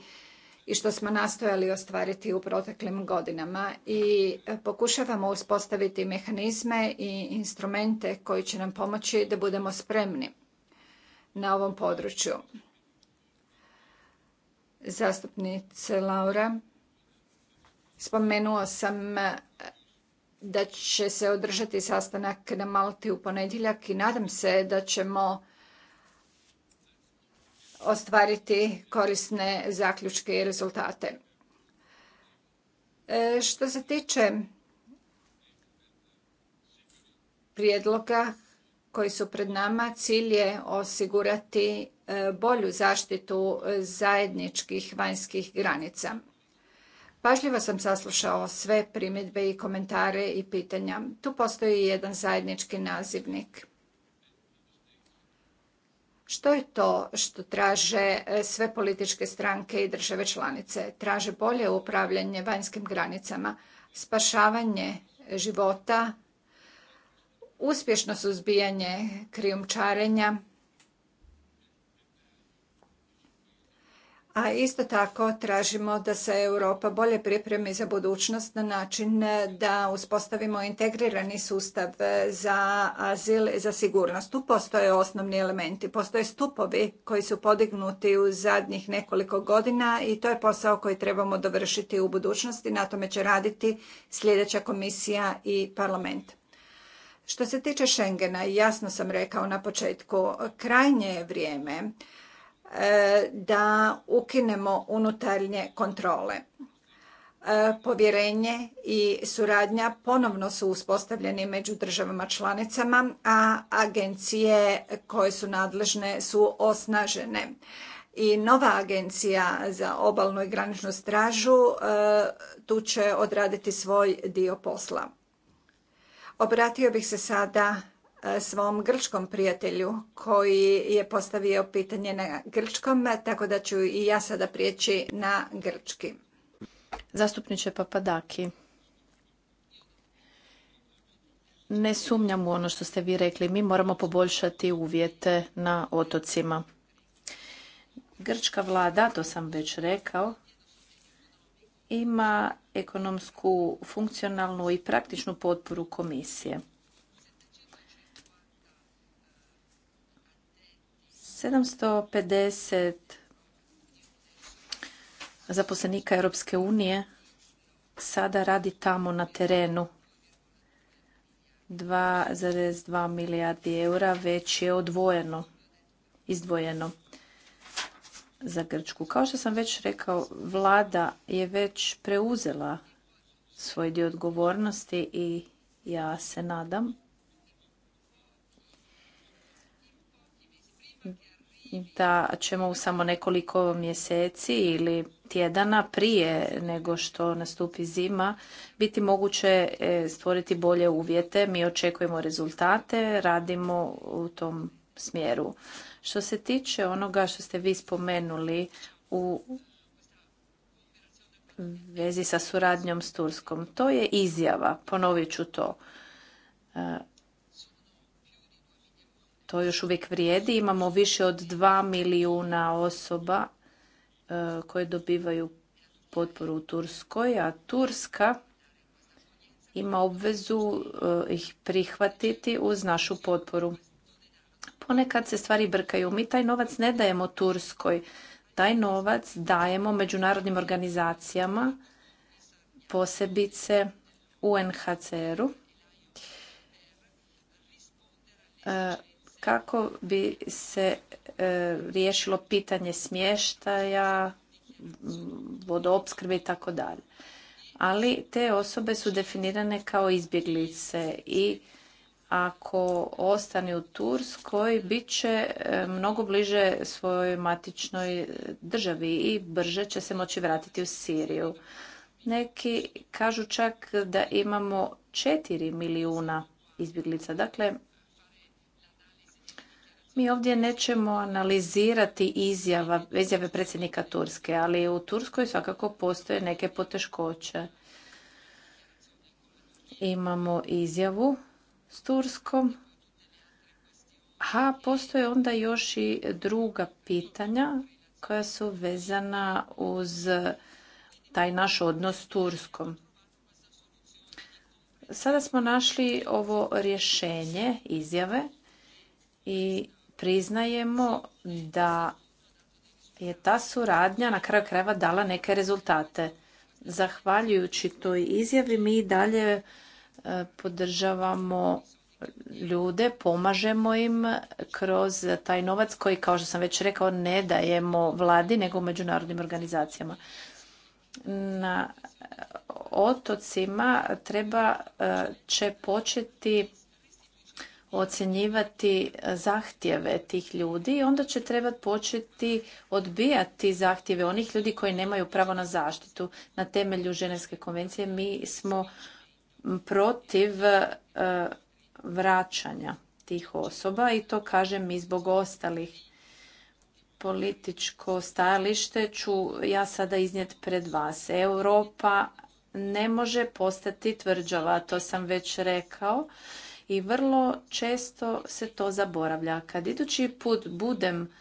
i što smo nastojali ostvariti u proteklim godinama i e, pokušavamo uspostaviti mehanizme i instrumente koji će nam pomoći da budemo spremni na ovom području. Zastupnice Laura, spomenuo sam e, da će se održati sastanak na Malti u ponedjeljak i nadam se da ćemo ostvariti korisne zaključke i rezultate. E, što se tiče prijedloga koji su pred nama, cilj je osigurati e, bolju zaštitu zajedničkih vanjskih granica. Pažljivo sam saslušao sve primjedbe i komentare i pitanja. Tu postoji jedan zajednički nazivnik. Što je to što traže e, sve političke stranke i države članice? Traže bolje upravljanje vanjskim granicama, spašavanje života, uspješno suzbijanje krijumčarenja, a isto tako tražimo da se Europa bolje pripremi za budućnost na način da uspostavimo integrirani sustav za azil i za sigurnost. Tu postoje osnovni elementi, postoje stupovi koji su podignuti u zadnjih nekoliko godina i to je posao koji trebamo dovršiti u budućnosti. Na tome će raditi sljedeća komisija i parlament. Što se tiče Schengena, jasno sam rekao na početku, krajnje je vrijeme E, da ukinemo unutarnje kontrole. E, povjerenje i suradnja ponovno su uspostavljeni među državama članicama, a agencije koje su nadležne su osnažene. I nova agencija za obalnu i graničnu stražu e, tu će odraditi svoj dio posla. Obratio bih se sada svom grčkom prijatelju koji je postavio pitanje na grčkom, tako da ću i ja sada prijeći na grčki. Zastupniče Papadaki, ne sumnjam u ono što ste vi rekli. Mi moramo poboljšati uvjete na otocima. Grčka vlada, to sam već rekao, ima ekonomsku, funkcionalnu i praktičnu potporu komisije. 750 zaposlenika Europske unije sada radi tamo na terenu. 2,2 milijardi eura već je odvojeno, izdvojeno za Grčku. Kao što sam već rekao, vlada je već preuzela svoj dio odgovornosti i ja se nadam da ćemo u samo nekoliko mjeseci ili tjedana prije nego što nastupi zima biti moguće e, stvoriti bolje uvjete. Mi očekujemo rezultate, radimo u tom smjeru. Što se tiče onoga što ste vi spomenuli u vezi sa suradnjom s Turskom, to je izjava, ponovit ću to. E, to još uvijek vrijedi. Imamo više od 2 milijuna osoba e, koje dobivaju potporu u Turskoj, a Turska ima obvezu e, ih prihvatiti uz našu potporu. Ponekad se stvari brkaju. Mi taj novac ne dajemo Turskoj. Taj novac dajemo međunarodnim organizacijama, posebice UNHCR-u e, kako bi se e, riješilo pitanje smještaja, vodoopskrbe i tako dalje. Ali te osobe su definirane kao izbjeglice i ako ostane u Turskoj, bit će e, mnogo bliže svojoj matičnoj državi i brže će se moći vratiti u Siriju. Neki kažu čak da imamo 4 milijuna izbjeglica. Dakle, mi ovdje nećemo analizirati izjave predsjednika Turske, ali u Turskoj svakako postoje neke poteškoće. Imamo izjavu s Turskom, a postoje onda još i druga pitanja koja su vezana uz taj naš odnos s Turskom. Sada smo našli ovo rješenje izjave i priznajemo da je ta suradnja na kraju krajeva dala neke rezultate. Zahvaljujući toj izjavi mi dalje e, podržavamo ljude, pomažemo im kroz taj novac koji, kao što sam već rekao, ne dajemo vladi nego međunarodnim organizacijama. Na otocima treba e, će početi ocjenjivati e, zahtjeve tih ljudi i onda će trebati početi odbijati zahtjeve onih ljudi koji nemaju pravo na zaštitu. Na temelju Ženevske konvencije mi smo protiv e, vraćanja tih osoba i to kažem i zbog ostalih političko stajalište ću ja sada iznijeti pred vas. Europa ne može postati tvrđava, to sam već rekao i vrlo često se to zaboravlja. Kad idući put budem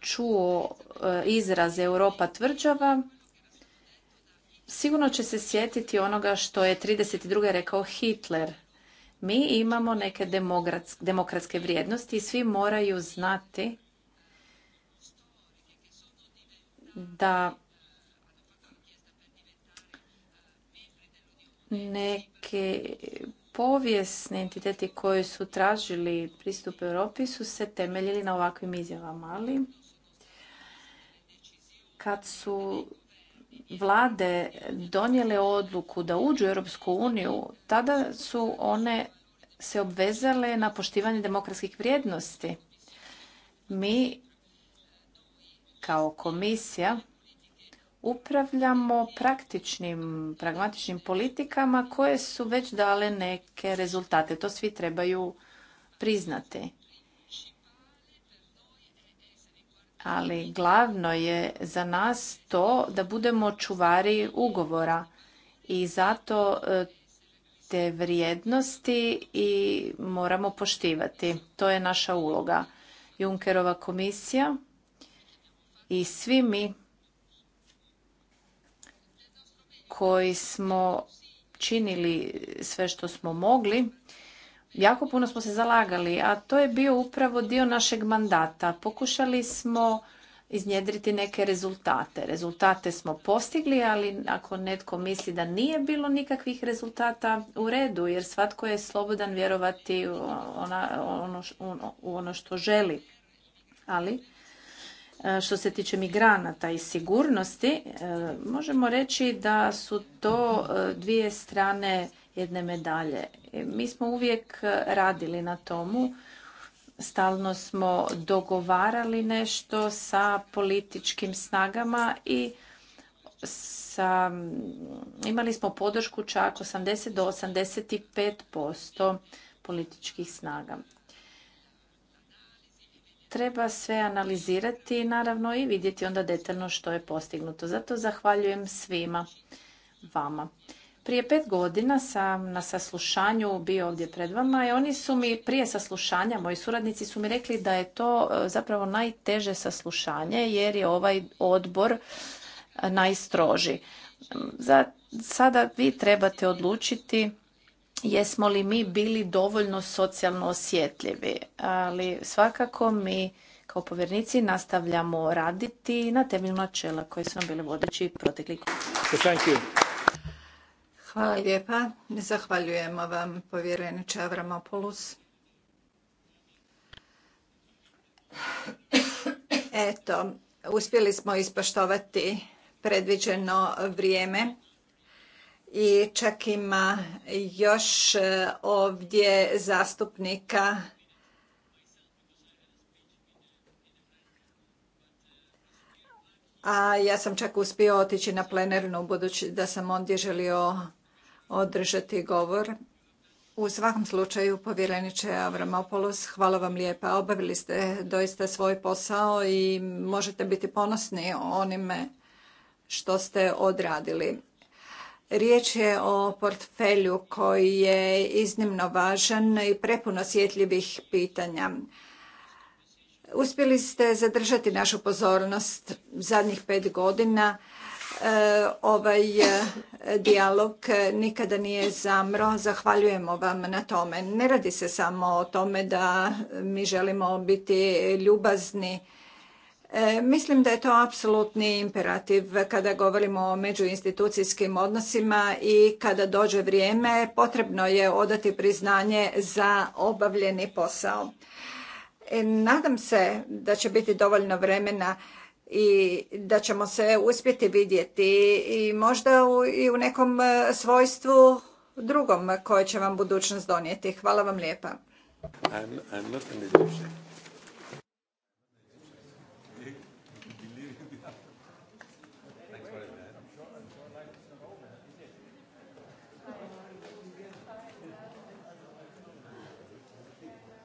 čuo e, izraz Europa tvrđava, sigurno će se sjetiti onoga što je 32. rekao Hitler. Mi imamo neke demokratske vrijednosti i svi moraju znati da neke povijesni entiteti koji su tražili pristup Europi su se temeljili na ovakvim izjavama, ali kad su vlade donijele odluku da uđu u Europsku uniju, tada su one se obvezale na poštivanje demokratskih vrijednosti. Mi kao komisija upravljamo praktičnim, pragmatičnim politikama koje su već dale neke rezultate. To svi trebaju priznati. Ali glavno je za nas to da budemo čuvari ugovora i zato e, te vrijednosti i moramo poštivati. To je naša uloga. Junkerova komisija i svi mi koji smo činili sve što smo mogli, jako puno smo se zalagali, a to je bio upravo dio našeg mandata. Pokušali smo iznjedriti neke rezultate. Rezultate smo postigli, ali ako netko misli da nije bilo nikakvih rezultata, u redu, jer svatko je slobodan vjerovati u ono, u ono što želi. Ali E, što se tiče migranata i sigurnosti, e, možemo reći da su to e, dvije strane jedne medalje. Mi smo uvijek radili na tomu, stalno smo dogovarali nešto sa političkim snagama i sa, imali smo podršku čak 80 do 85% političkih snaga treba sve analizirati naravno i vidjeti onda detaljno što je postignuto. Zato zahvaljujem svima vama. Prije pet godina sam na saslušanju bio ovdje pred vama i oni su mi prije saslušanja, moji suradnici su mi rekli da je to e, zapravo najteže saslušanje jer je ovaj odbor e, najstroži. sada vi trebate odlučiti jesmo li mi bili dovoljno socijalno osjetljivi, ali svakako mi kao povjernici nastavljamo raditi na temelju načela koji su nam bili vodeći proteklih Hvala lijepa. Zahvaljujemo vam, povjereniče Avramopoulos. Eto, uspjeli smo ispoštovati predviđeno vrijeme i čak ima još e, ovdje zastupnika a ja sam čak uspio otići na plenernu, budući da sam ondje želio održati govor. U svakom slučaju, povjereniče Avramopoulos, hvala vam lijepa. Obavili ste doista svoj posao i možete biti ponosni onime što ste odradili. Riječ je o portfelju koji je iznimno važan i prepuno osjetljivih pitanja. Uspjeli ste zadržati našu pozornost zadnjih pet godina. E, ovaj e, dijalog nikada nije zamro. Zahvaljujemo vam na tome. Ne radi se samo o tome da mi želimo biti ljubazni E, mislim da je to apsolutni imperativ kada govorimo o međuinstitucijskim odnosima i kada dođe vrijeme potrebno je odati priznanje za obavljeni posao. E, nadam se da će biti dovoljno vremena i da ćemo se uspjeti vidjeti i možda i u nekom e, svojstvu drugom koje će vam budućnost donijeti. Hvala vam lijepa. I'm,